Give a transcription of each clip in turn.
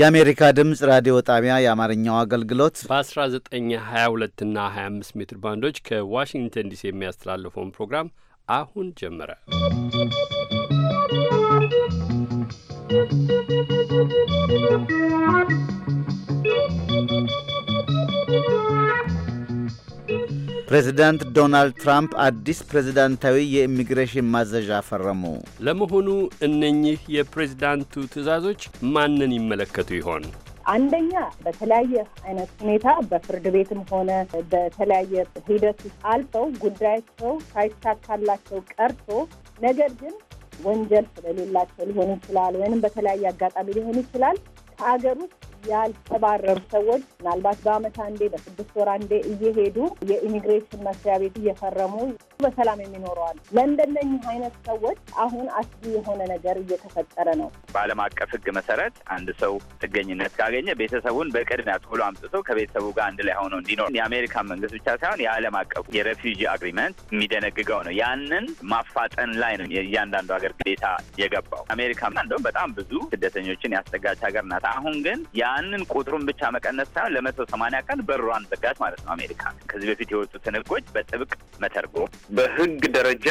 የአሜሪካ ድምፅ ራዲዮ ጣቢያ የአማርኛው አገልግሎት በ1922 እና 25 ሜትር ባንዶች ከዋሽንግተን ዲሲ የሚያስተላልፈውን ፕሮግራም አሁን ጀመረ። ¶¶ ፕሬዚዳንት ዶናልድ ትራምፕ አዲስ ፕሬዚዳንታዊ የኢሚግሬሽን ማዘዣ ፈረሙ። ለመሆኑ እነኚህ የፕሬዚዳንቱ ትዕዛዞች ማንን ይመለከቱ ይሆን? አንደኛ በተለያየ አይነት ሁኔታ በፍርድ ቤትም ሆነ በተለያየ ሂደት አልፈው ጉዳያቸው ሳይሳካላቸው ቀርቶ ነገር ግን ወንጀል ስለሌላቸው ሊሆን ይችላል፣ ወይንም በተለያየ አጋጣሚ ሊሆን ይችላል ከሀገር ውስጥ ያልተባረሩ ሰዎች ምናልባት በአመት አንዴ በስድስት ወር አንዴ እየሄዱ የኢሚግሬሽን መስሪያ ቤት እየፈረሙ በሰላም የሚኖረዋል። ለእንደነኚህ አይነት ሰዎች አሁን አስጊ የሆነ ነገር እየተፈጠረ ነው። በዓለም አቀፍ ህግ መሰረት አንድ ሰው ጥገኝነት ካገኘ ቤተሰቡን በቅድሚያ ቶሎ አምጥቶ ከቤተሰቡ ጋር አንድ ላይ ሆኖ እንዲኖር የአሜሪካ መንግስት ብቻ ሳይሆን የዓለም አቀፉ የሬፊጂ አግሪመንት የሚደነግገው ነው። ያንን ማፋጠን ላይ ነው እያንዳንዱ ሀገር ግዴታ የገባው። አሜሪካ እንደውም በጣም ብዙ ስደተኞችን ያስጠጋች ሀገር ናት። አሁን ግን ያ ያንን ቁጥሩን ብቻ መቀነስ ሳይሆን ለመቶ ሰማንያ ቀን በሯን ዘጋች ማለት ነው አሜሪካ። ከዚህ በፊት የወጡትን ህጎች በጥብቅ መተርጎ በህግ ደረጃ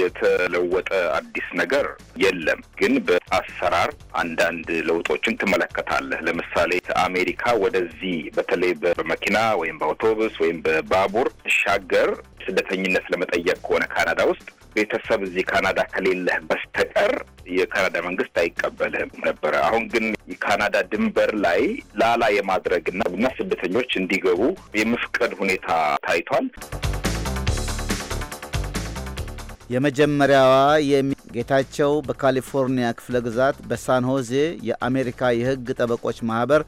የተለወጠ አዲስ ነገር የለም፣ ግን በአሰራር አንዳንድ ለውጦችን ትመለከታለህ። ለምሳሌ አሜሪካ ወደዚህ በተለይ በመኪና ወይም በአውቶቡስ ወይም በባቡር ሻገር ስደተኝነት ለመጠየቅ ከሆነ ካናዳ ውስጥ ቤተሰብ እዚህ ካናዳ ከሌለህ በስተቀር የካናዳ መንግስት አይቀበልህም ነበረ። አሁን ግን የካናዳ ድንበር ላይ ላላ የማድረግና እና ስደተኞች እንዲገቡ የመፍቀድ ሁኔታ ታይቷል። የመጀመሪያዋ ጌታቸው በካሊፎርኒያ ክፍለ ግዛት በሳን ሆዜ የአሜሪካ የህግ ጠበቆች ማህበር።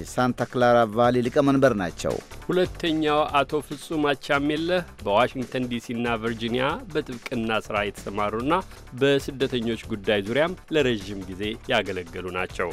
የሳንታ ክላራ ቫሊ ሊቀመንበር ናቸው። ሁለተኛው አቶ ፍጹም አቻሜለህ በዋሽንግተን ዲሲና ቨርጂኒያ በጥብቅና ስራ የተሰማሩና በስደተኞች ጉዳይ ዙሪያም ለረዥም ጊዜ ያገለገሉ ናቸው።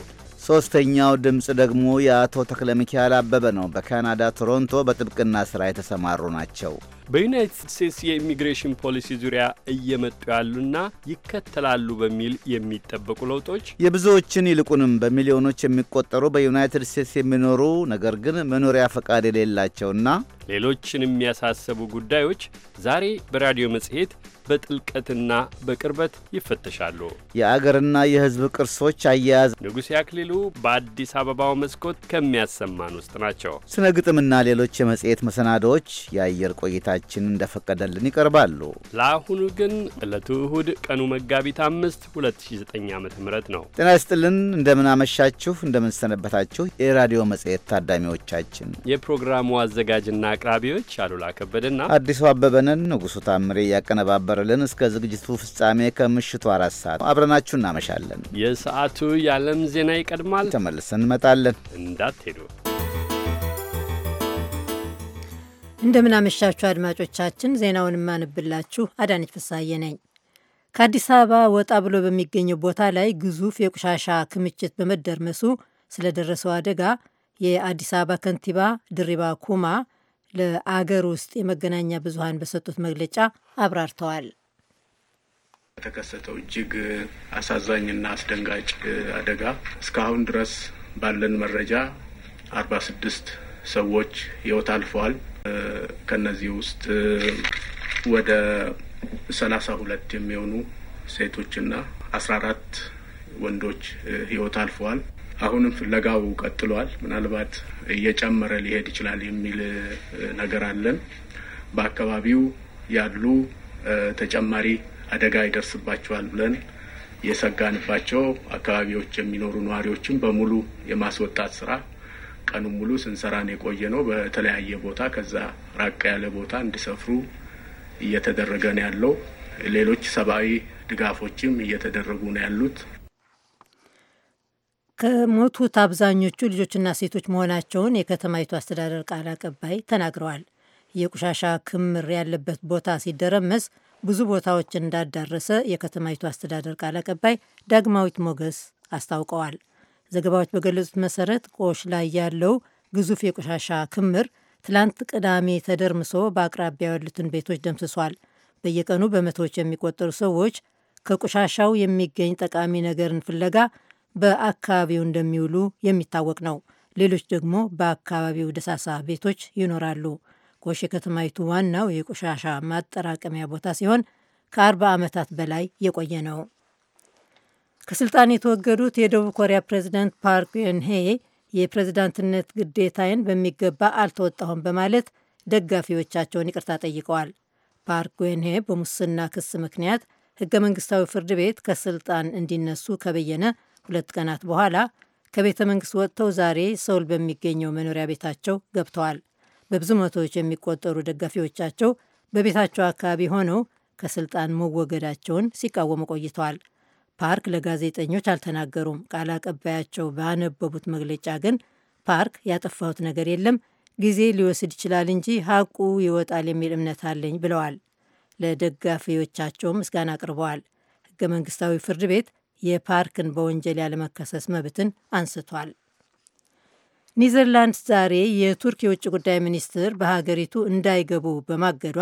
ሦስተኛው ድምፅ ደግሞ የአቶ ተክለ ሚካኤል አበበ ነው። በካናዳ ቶሮንቶ በጥብቅና ስራ የተሰማሩ ናቸው። በዩናይትድ ስቴትስ የኢሚግሬሽን ፖሊሲ ዙሪያ እየመጡ ያሉና ይከተላሉ በሚል የሚጠበቁ ለውጦች የብዙዎችን ይልቁንም በሚሊዮኖች የሚቆጠሩ በዩናይትድ ስቴትስ የሚኖሩ ነገር ግን መኖሪያ ፈቃድ የሌላቸውና ሌሎችን የሚያሳሰቡ ጉዳዮች ዛሬ በራዲዮ መጽሔት በጥልቀትና በቅርበት ይፈተሻሉ። የአገርና የሕዝብ ቅርሶች አያያዝ ንጉሴ አክሊሉ በአዲስ አበባው መስኮት ከሚያሰማን ውስጥ ናቸው። ስነ ግጥምና ሌሎች የመጽሔት መሰናዶዎች የአየር ቆይታ ቆይታችን እንደፈቀደልን ይቀርባሉ። ለአሁኑ ግን ዕለቱ እሁድ ቀኑ መጋቢት አምስት 2009 ዓ ም ነው። ጤና ይስጥልን፣ እንደምናመሻችሁ፣ እንደምንሰነበታችሁ የራዲዮ መጽሔት ታዳሚዎቻችን የፕሮግራሙ አዘጋጅና አቅራቢዎች አሉላ ከበደና አዲሱ አበበንን ንጉሱ ታምሬ እያቀነባበረልን እስከ ዝግጅቱ ፍጻሜ ከምሽቱ አራት ሰዓት አብረናችሁ እናመሻለን። የሰዓቱ የዓለም ዜና ይቀድማል። ተመልሰን እንመጣለን። እንዳትሄዱ። እንደምናመሻችሁ አድማጮቻችን። ዜናውን የማንብላችሁ አዳነች ፍሳዬ ነኝ። ከአዲስ አበባ ወጣ ብሎ በሚገኘው ቦታ ላይ ግዙፍ የቆሻሻ ክምችት በመደርመሱ ስለደረሰው አደጋ የአዲስ አበባ ከንቲባ ድሪባ ኩማ ለአገር ውስጥ የመገናኛ ብዙኃን በሰጡት መግለጫ አብራርተዋል። የተከሰተው እጅግ አሳዛኝና አስደንጋጭ አደጋ እስካሁን ድረስ ባለን መረጃ አርባ ስድስት ሰዎች ህይወት አልፈዋል። ከነዚህ ውስጥ ወደ ሰላሳ ሁለት የሚሆኑ ሴቶችና አስራ አራት ወንዶች ህይወት አልፈዋል። አሁንም ፍለጋው ቀጥሏል። ምናልባት እየጨመረ ሊሄድ ይችላል የሚል ነገር አለን። በአካባቢው ያሉ ተጨማሪ አደጋ ይደርስባቸዋል ብለን የሰጋንባቸው አካባቢዎች የሚኖሩ ነዋሪዎችን በሙሉ የማስወጣት ስራ ቀኑ ሙሉ ስንሰራን የቆየ ነው። በተለያየ ቦታ ከዛ ራቅ ያለ ቦታ እንዲሰፍሩ እየተደረገ ነው ያለው። ሌሎች ሰብአዊ ድጋፎችም እየተደረጉ ነው ያሉት። ከሞቱት አብዛኞቹ ልጆችና ሴቶች መሆናቸውን የከተማይቱ አስተዳደር ቃል አቀባይ ተናግረዋል። የቆሻሻ ክምር ያለበት ቦታ ሲደረመስ ብዙ ቦታዎች እንዳዳረሰ የከተማይቱ አስተዳደር ቃል አቀባይ ዳግማዊት ሞገስ አስታውቀዋል። ዘገባዎች በገለጹት መሰረት ቆሽ ላይ ያለው ግዙፍ የቆሻሻ ክምር ትላንት ቅዳሜ ተደርምሶ በአቅራቢያ ያሉትን ቤቶች ደምስሷል። በየቀኑ በመቶዎች የሚቆጠሩ ሰዎች ከቆሻሻው የሚገኝ ጠቃሚ ነገርን ፍለጋ በአካባቢው እንደሚውሉ የሚታወቅ ነው። ሌሎች ደግሞ በአካባቢው ደሳሳ ቤቶች ይኖራሉ። ቆሽ የከተማይቱ ዋናው የቆሻሻ ማጠራቀሚያ ቦታ ሲሆን ከአርባ ዓመታት በላይ የቆየ ነው። ከስልጣን የተወገዱት የደቡብ ኮሪያ ፕሬዚዳንት ፓርክ ዮንሄ የፕሬዝዳንትነት ግዴታዬን በሚገባ አልተወጣሁም በማለት ደጋፊዎቻቸውን ይቅርታ ጠይቀዋል። ፓርክ ዌንሄ በሙስና ክስ ምክንያት ህገ መንግስታዊ ፍርድ ቤት ከስልጣን እንዲነሱ ከበየነ ሁለት ቀናት በኋላ ከቤተ መንግስት ወጥተው ዛሬ ሰውል በሚገኘው መኖሪያ ቤታቸው ገብተዋል። በብዙ መቶዎች የሚቆጠሩ ደጋፊዎቻቸው በቤታቸው አካባቢ ሆነው ከስልጣን መወገዳቸውን ሲቃወሙ ቆይተዋል። ፓርክ ለጋዜጠኞች አልተናገሩም። ቃል አቀባያቸው ባነበቡት መግለጫ ግን ፓርክ ያጠፋሁት ነገር የለም፣ ጊዜ ሊወስድ ይችላል እንጂ ሀቁ ይወጣል የሚል እምነት አለኝ ብለዋል። ለደጋፊዎቻቸውም ምስጋና አቅርበዋል። ህገ መንግስታዊ ፍርድ ቤት የፓርክን በወንጀል ያለመከሰስ መብትን አንስቷል። ኒዘርላንድስ ዛሬ የቱርክ የውጭ ጉዳይ ሚኒስትር በሀገሪቱ እንዳይገቡ በማገዷ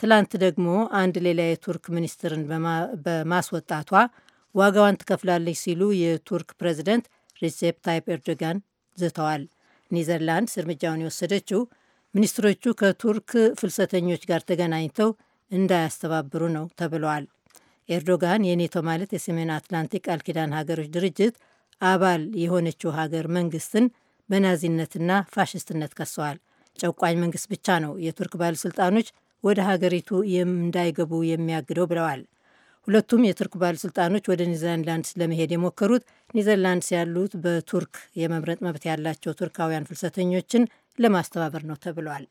ትላንት ደግሞ አንድ ሌላ የቱርክ ሚኒስትርን በማስወጣቷ ዋጋዋን ትከፍላለች ሲሉ የቱርክ ፕሬዚደንት ሪሴፕ ታይፕ ኤርዶጋን ዝተዋል። ኔዘርላንድስ እርምጃውን የወሰደችው ሚኒስትሮቹ ከቱርክ ፍልሰተኞች ጋር ተገናኝተው እንዳያስተባብሩ ነው ተብለዋል። ኤርዶጋን የኔቶ ማለት የሰሜን አትላንቲክ ቃል ኪዳን ሀገሮች ድርጅት አባል የሆነችው ሀገር መንግስትን በናዚነትና ፋሽስትነት ከሰዋል። ጨቋኝ መንግስት ብቻ ነው የቱርክ ባለሥልጣኖች ወደ ሀገሪቱ እንዳይገቡ የሚያግደው ብለዋል። ሁለቱም የቱርክ ባለሥልጣኖች ወደ ኒዘርላንድ ለመሄድ የሞከሩት ኒዘርላንድስ ያሉት በቱርክ የመምረጥ መብት ያላቸው ቱርካውያን ፍልሰተኞችን ለማስተባበር ነው ተብሏል።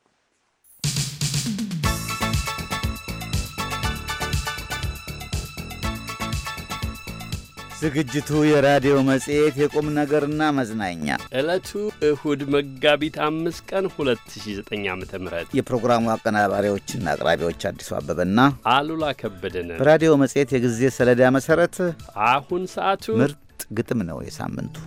ዝግጅቱ የራዲዮ መጽሔት የቁም ነገርና መዝናኛ ዕለቱ እሁድ መጋቢት አምስት ቀን 2009 ዓ ም የፕሮግራሙ አቀናባሪዎችና አቅራቢዎች አዲሱ አበበና አሉላ ከበደን በራዲዮ መጽሔት የጊዜ ሰሌዳ መሠረት አሁን ሰዓቱ ምርጥ ግጥም ነው የሳምንቱ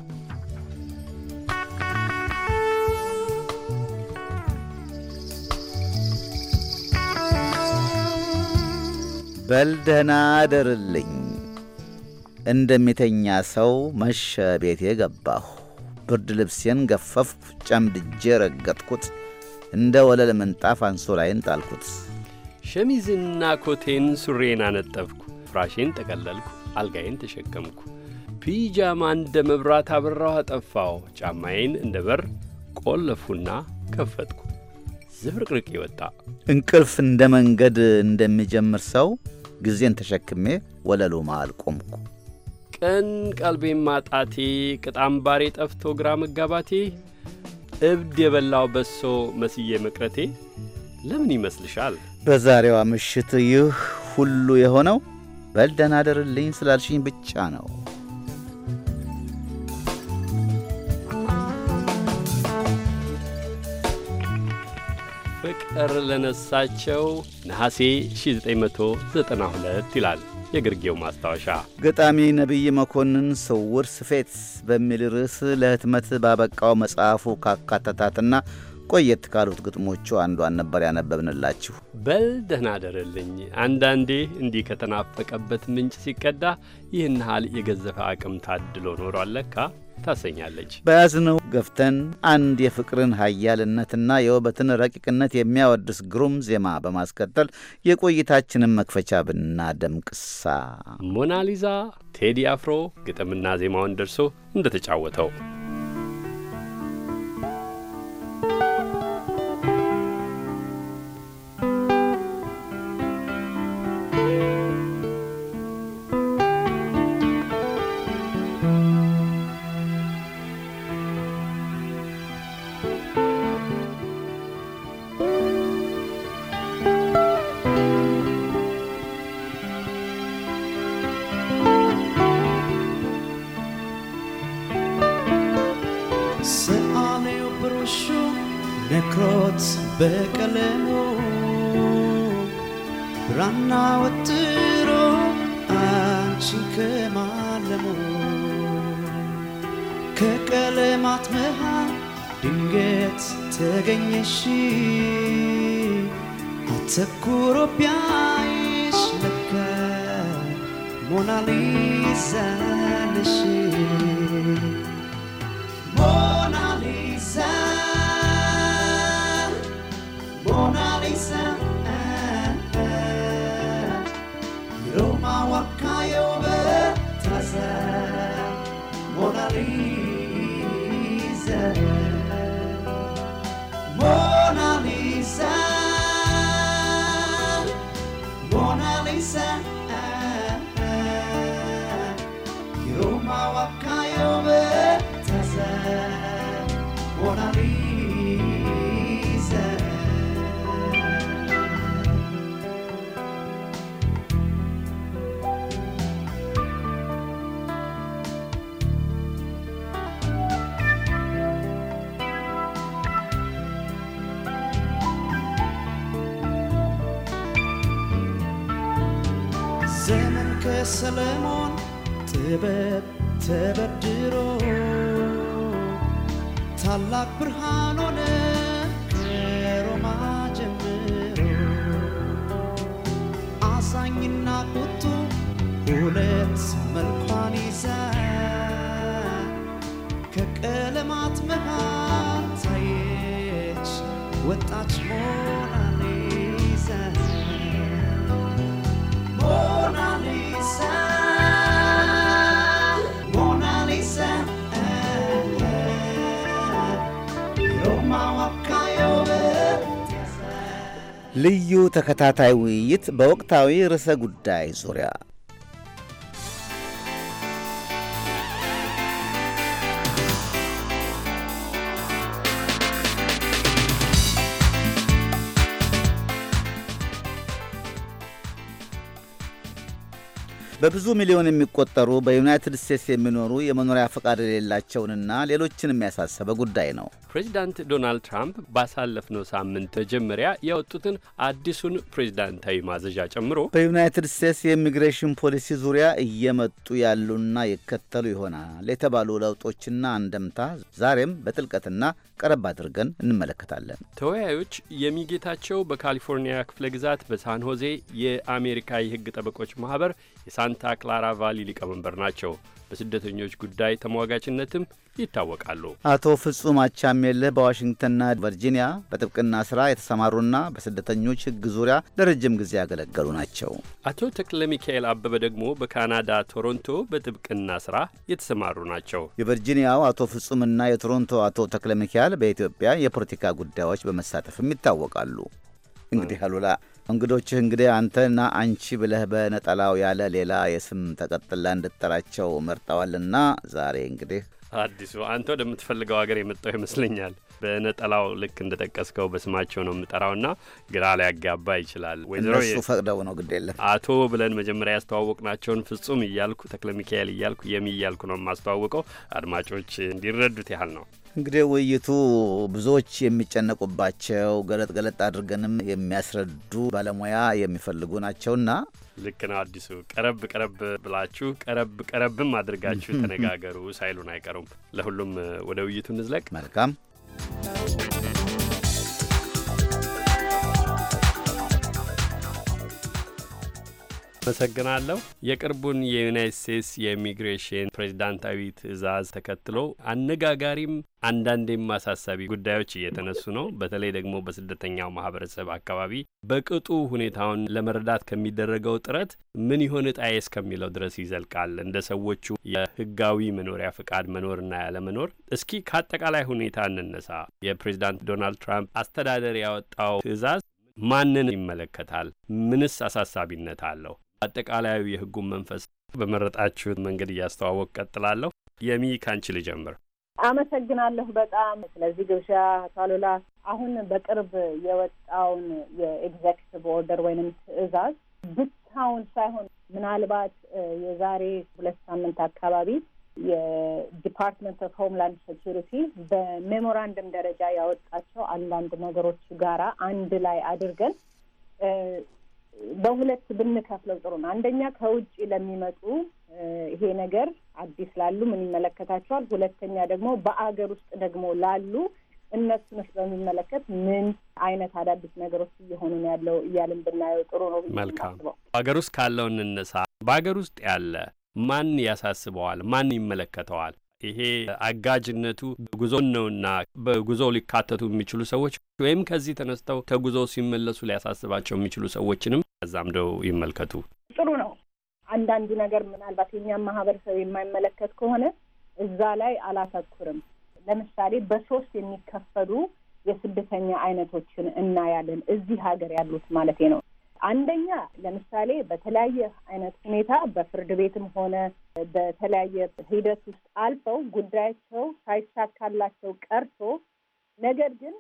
በል ደህና አደርልኝ እንደሚተኛ ሰው መሸ ቤቴ ገባሁ። ብርድ ልብሴን ገፈፍኩ፣ ጨምድጄ ረገጥኩት። እንደ ወለል ምንጣፍ አንሶላይን ጣልኩት። ሸሚዝና ኮቴን፣ ሱሬን አነጠፍኩ። ፍራሼን ጠቀለልኩ። አልጋዬን ተሸከምኩ። ፒጃማ እንደ መብራት አበራሁ፣ አጠፋው። ጫማዬን እንደ በር ቆለፉና ከፈትኩ። ዝብርቅርቅ ይወጣ እንቅልፍ እንደ መንገድ እንደሚጀምር ሰው ጊዜን ተሸክሜ ወለሉ መሃል ቆምኩ። ቀን ቀልቤም ማጣቴ ቅጣምባሬ ጠፍቶ ግራ መጋባቴ እብድ የበላው በሶ መስዬ መቅረቴ ለምን ይመስልሻል? በዛሬዋ ምሽት ይህ ሁሉ የሆነው በልደና ደርልኝ ስላልሽኝ ብቻ ነው። ፍቅር ለነሳቸው ነሐሴ 1992 ይላል። የግርጌው ማስታወሻ ገጣሚ ነቢይ መኮንን ስውር ስፌት በሚል ርዕስ ለህትመት ባበቃው መጽሐፉ ካካተታትና ቆየት ካሉት ግጥሞቹ አንዷን ነበር ያነበብንላችሁ። በል ደህና ደርልኝ። አንዳንዴ እንዲህ ከተናፈቀበት ምንጭ ሲቀዳ ይህን ሀል የገዘፈ አቅም ታድሎ ኖሯል ለካ። ታሰኛለች። በያዝነው ገፍተን አንድ የፍቅርን ኃያልነትና የውበትን ረቂቅነት የሚያወድስ ግሩም ዜማ በማስከተል የቆይታችንን መክፈቻ ብናደምቅሳ ሞናሊዛ ቴዲ አፍሮ ግጥምና ዜማውን ደርሶ እንደተጫወተው bekalemo ranna wetro anchi kemalemo kekelemat meha dinget tegenyeshi atakuro pyaish leka mona lisa nishi sound. ተበድሮ ታላቅ ብርሃን ሆነ ከሮማ ጀምሮ አዛኝና ቁጡ ሁለት መልኳን ይዛ ከቀለማት መሃል ታየች ወጣች ሞ ልዩ ተከታታይ ውይይት በወቅታዊ ርዕሰ ጉዳይ ዙሪያ በብዙ ሚሊዮን የሚቆጠሩ በዩናይትድ ስቴትስ የሚኖሩ የመኖሪያ ፈቃድ የሌላቸውንና ሌሎችን የሚያሳሰበ ጉዳይ ነው። ፕሬዚዳንት ዶናልድ ትራምፕ ባሳለፍነው ሳምንት መጀመሪያ ያወጡትን አዲሱን ፕሬዚዳንታዊ ማዘዣ ጨምሮ በዩናይትድ ስቴትስ የኢሚግሬሽን ፖሊሲ ዙሪያ እየመጡ ያሉና ይከተሉ ይሆናል የተባሉ ለውጦችና አንደምታ ዛሬም በጥልቀትና ቀረብ አድርገን እንመለከታለን። ተወያዮች የሚጌታቸው በካሊፎርኒያ ክፍለ ግዛት በሳን ሆዜ የአሜሪካ የህግ ጠበቆች ማህበር የሳንታ ክላራ ቫሊ ሊቀመንበር ናቸው። በስደተኞች ጉዳይ ተሟጋችነትም ይታወቃሉ። አቶ ፍጹም አቻሜልህ በዋሽንግተንና ቨርጂኒያ በጥብቅና ስራ የተሰማሩና በስደተኞች ሕግ ዙሪያ ለረጅም ጊዜ ያገለገሉ ናቸው። አቶ ተክለ ሚካኤል አበበ ደግሞ በካናዳ ቶሮንቶ በጥብቅና ስራ የተሰማሩ ናቸው። የቨርጂኒያው አቶ ፍጹምና የቶሮንቶ አቶ ተክለ ሚካኤል በኢትዮጵያ የፖለቲካ ጉዳዮች በመሳተፍም ይታወቃሉ። እንግዲህ አሉላ እንግዶችህ እንግዲህ አንተና አንቺ ብለህ በነጠላው ያለ ሌላ የስም ተቀጥላ እንድጠራቸው መርጠዋልና ዛሬ እንግዲህ አዲሱ አንተ ወደምትፈልገው ሀገር የመጣው ይመስለኛል። በነጠላው ልክ እንደጠቀስከው በስማቸው ነው የምጠራውና ግራ ሊያጋባ ይችላል። ወይዘሮ እሱ ፈቅደው ነው ግድ የለም አቶ ብለን መጀመሪያ ያስተዋወቅናቸውን ፍጹም እያልኩ ተክለ ሚካኤል እያልኩ የሚ እያልኩ ነው የማስተዋወቀው አድማጮች እንዲረዱት ያህል ነው። እንግዲህ ውይይቱ ብዙዎች የሚጨነቁባቸው ገለጥ ገለጥ አድርገንም የሚያስረዱ ባለሙያ የሚፈልጉ ናቸውና ልክ ነው። አዲሱ ቀረብ ቀረብ ብላችሁ ቀረብ ቀረብም አድርጋችሁ ተነጋገሩ ሳይሉን አይቀሩም። ለሁሉም ወደ ውይይቱ እንዝለቅ። መልካም Thank you. አመሰግናለሁ። የቅርቡን የዩናይት ስቴትስ የኢሚግሬሽን ፕሬዚዳንታዊ ትዕዛዝ ተከትሎ አነጋጋሪም አንዳንዴም አሳሳቢ ጉዳዮች እየተነሱ ነው። በተለይ ደግሞ በስደተኛው ማህበረሰብ አካባቢ በቅጡ ሁኔታውን ለመረዳት ከሚደረገው ጥረት ምን ይሆን እጣዬ እስከሚለው ድረስ ይዘልቃል። እንደ ሰዎቹ የህጋዊ መኖሪያ ፍቃድ መኖርና ያለመኖር። እስኪ ከአጠቃላይ ሁኔታ እንነሳ። የፕሬዚዳንት ዶናልድ ትራምፕ አስተዳደር ያወጣው ትዕዛዝ ማንን ይመለከታል? ምንስ አሳሳቢነት አለው? አጠቃላዩ የህጉን መንፈስ በመረጣችሁት መንገድ እያስተዋወቅ ቀጥላለሁ። የሚ ካንቺ ልጀምር። አመሰግናለሁ በጣም ስለዚህ ግብዣ አቶ አሉላ። አሁን በቅርብ የወጣውን የኤግዜክቲቭ ኦርደር ወይንም ትዕዛዝ ብቻውን ሳይሆን ምናልባት የዛሬ ሁለት ሳምንት አካባቢ የዲፓርትመንት ኦፍ ሆምላንድ ሴኪሪቲ በሜሞራንደም ደረጃ ያወጣቸው አንዳንድ ነገሮች ጋራ አንድ ላይ አድርገን በሁለት ብንከፍለው ጥሩ ነው። አንደኛ ከውጭ ለሚመጡ ይሄ ነገር አዲስ ላሉ ምን ይመለከታቸዋል? ሁለተኛ ደግሞ በአገር ውስጥ ደግሞ ላሉ እነሱንስ በሚመለከት ምን አይነት አዳዲስ ነገሮች እየሆኑ ነው ያለው እያልን ብናየው ጥሩ ነው። መልካም በሀገር ውስጥ ካለው እንነሳ። በሀገር ውስጥ ያለ ማን ያሳስበዋል? ማን ይመለከተዋል? ይሄ አጋጅነቱ ጉዞን ነውና በጉዞ ሊካተቱ የሚችሉ ሰዎች ወይም ከዚህ ተነስተው ተጉዞ ሲመለሱ ሊያሳስባቸው የሚችሉ ሰዎችንም አዛምደው ይመልከቱ። ጥሩ ነው። አንዳንዱ ነገር ምናልባት የኛም ማህበረሰብ የማይመለከት ከሆነ እዛ ላይ አላተኩርም። ለምሳሌ በሶስት የሚከፈሉ የስደተኛ አይነቶችን እናያለን። እዚህ ሀገር ያሉት ማለት ነው። አንደኛ ለምሳሌ በተለያየ አይነት ሁኔታ በፍርድ ቤትም ሆነ በተለያየ ሂደት ውስጥ አልፈው ጉዳያቸው ሳይሳካላቸው ቀርቶ ነገር ግን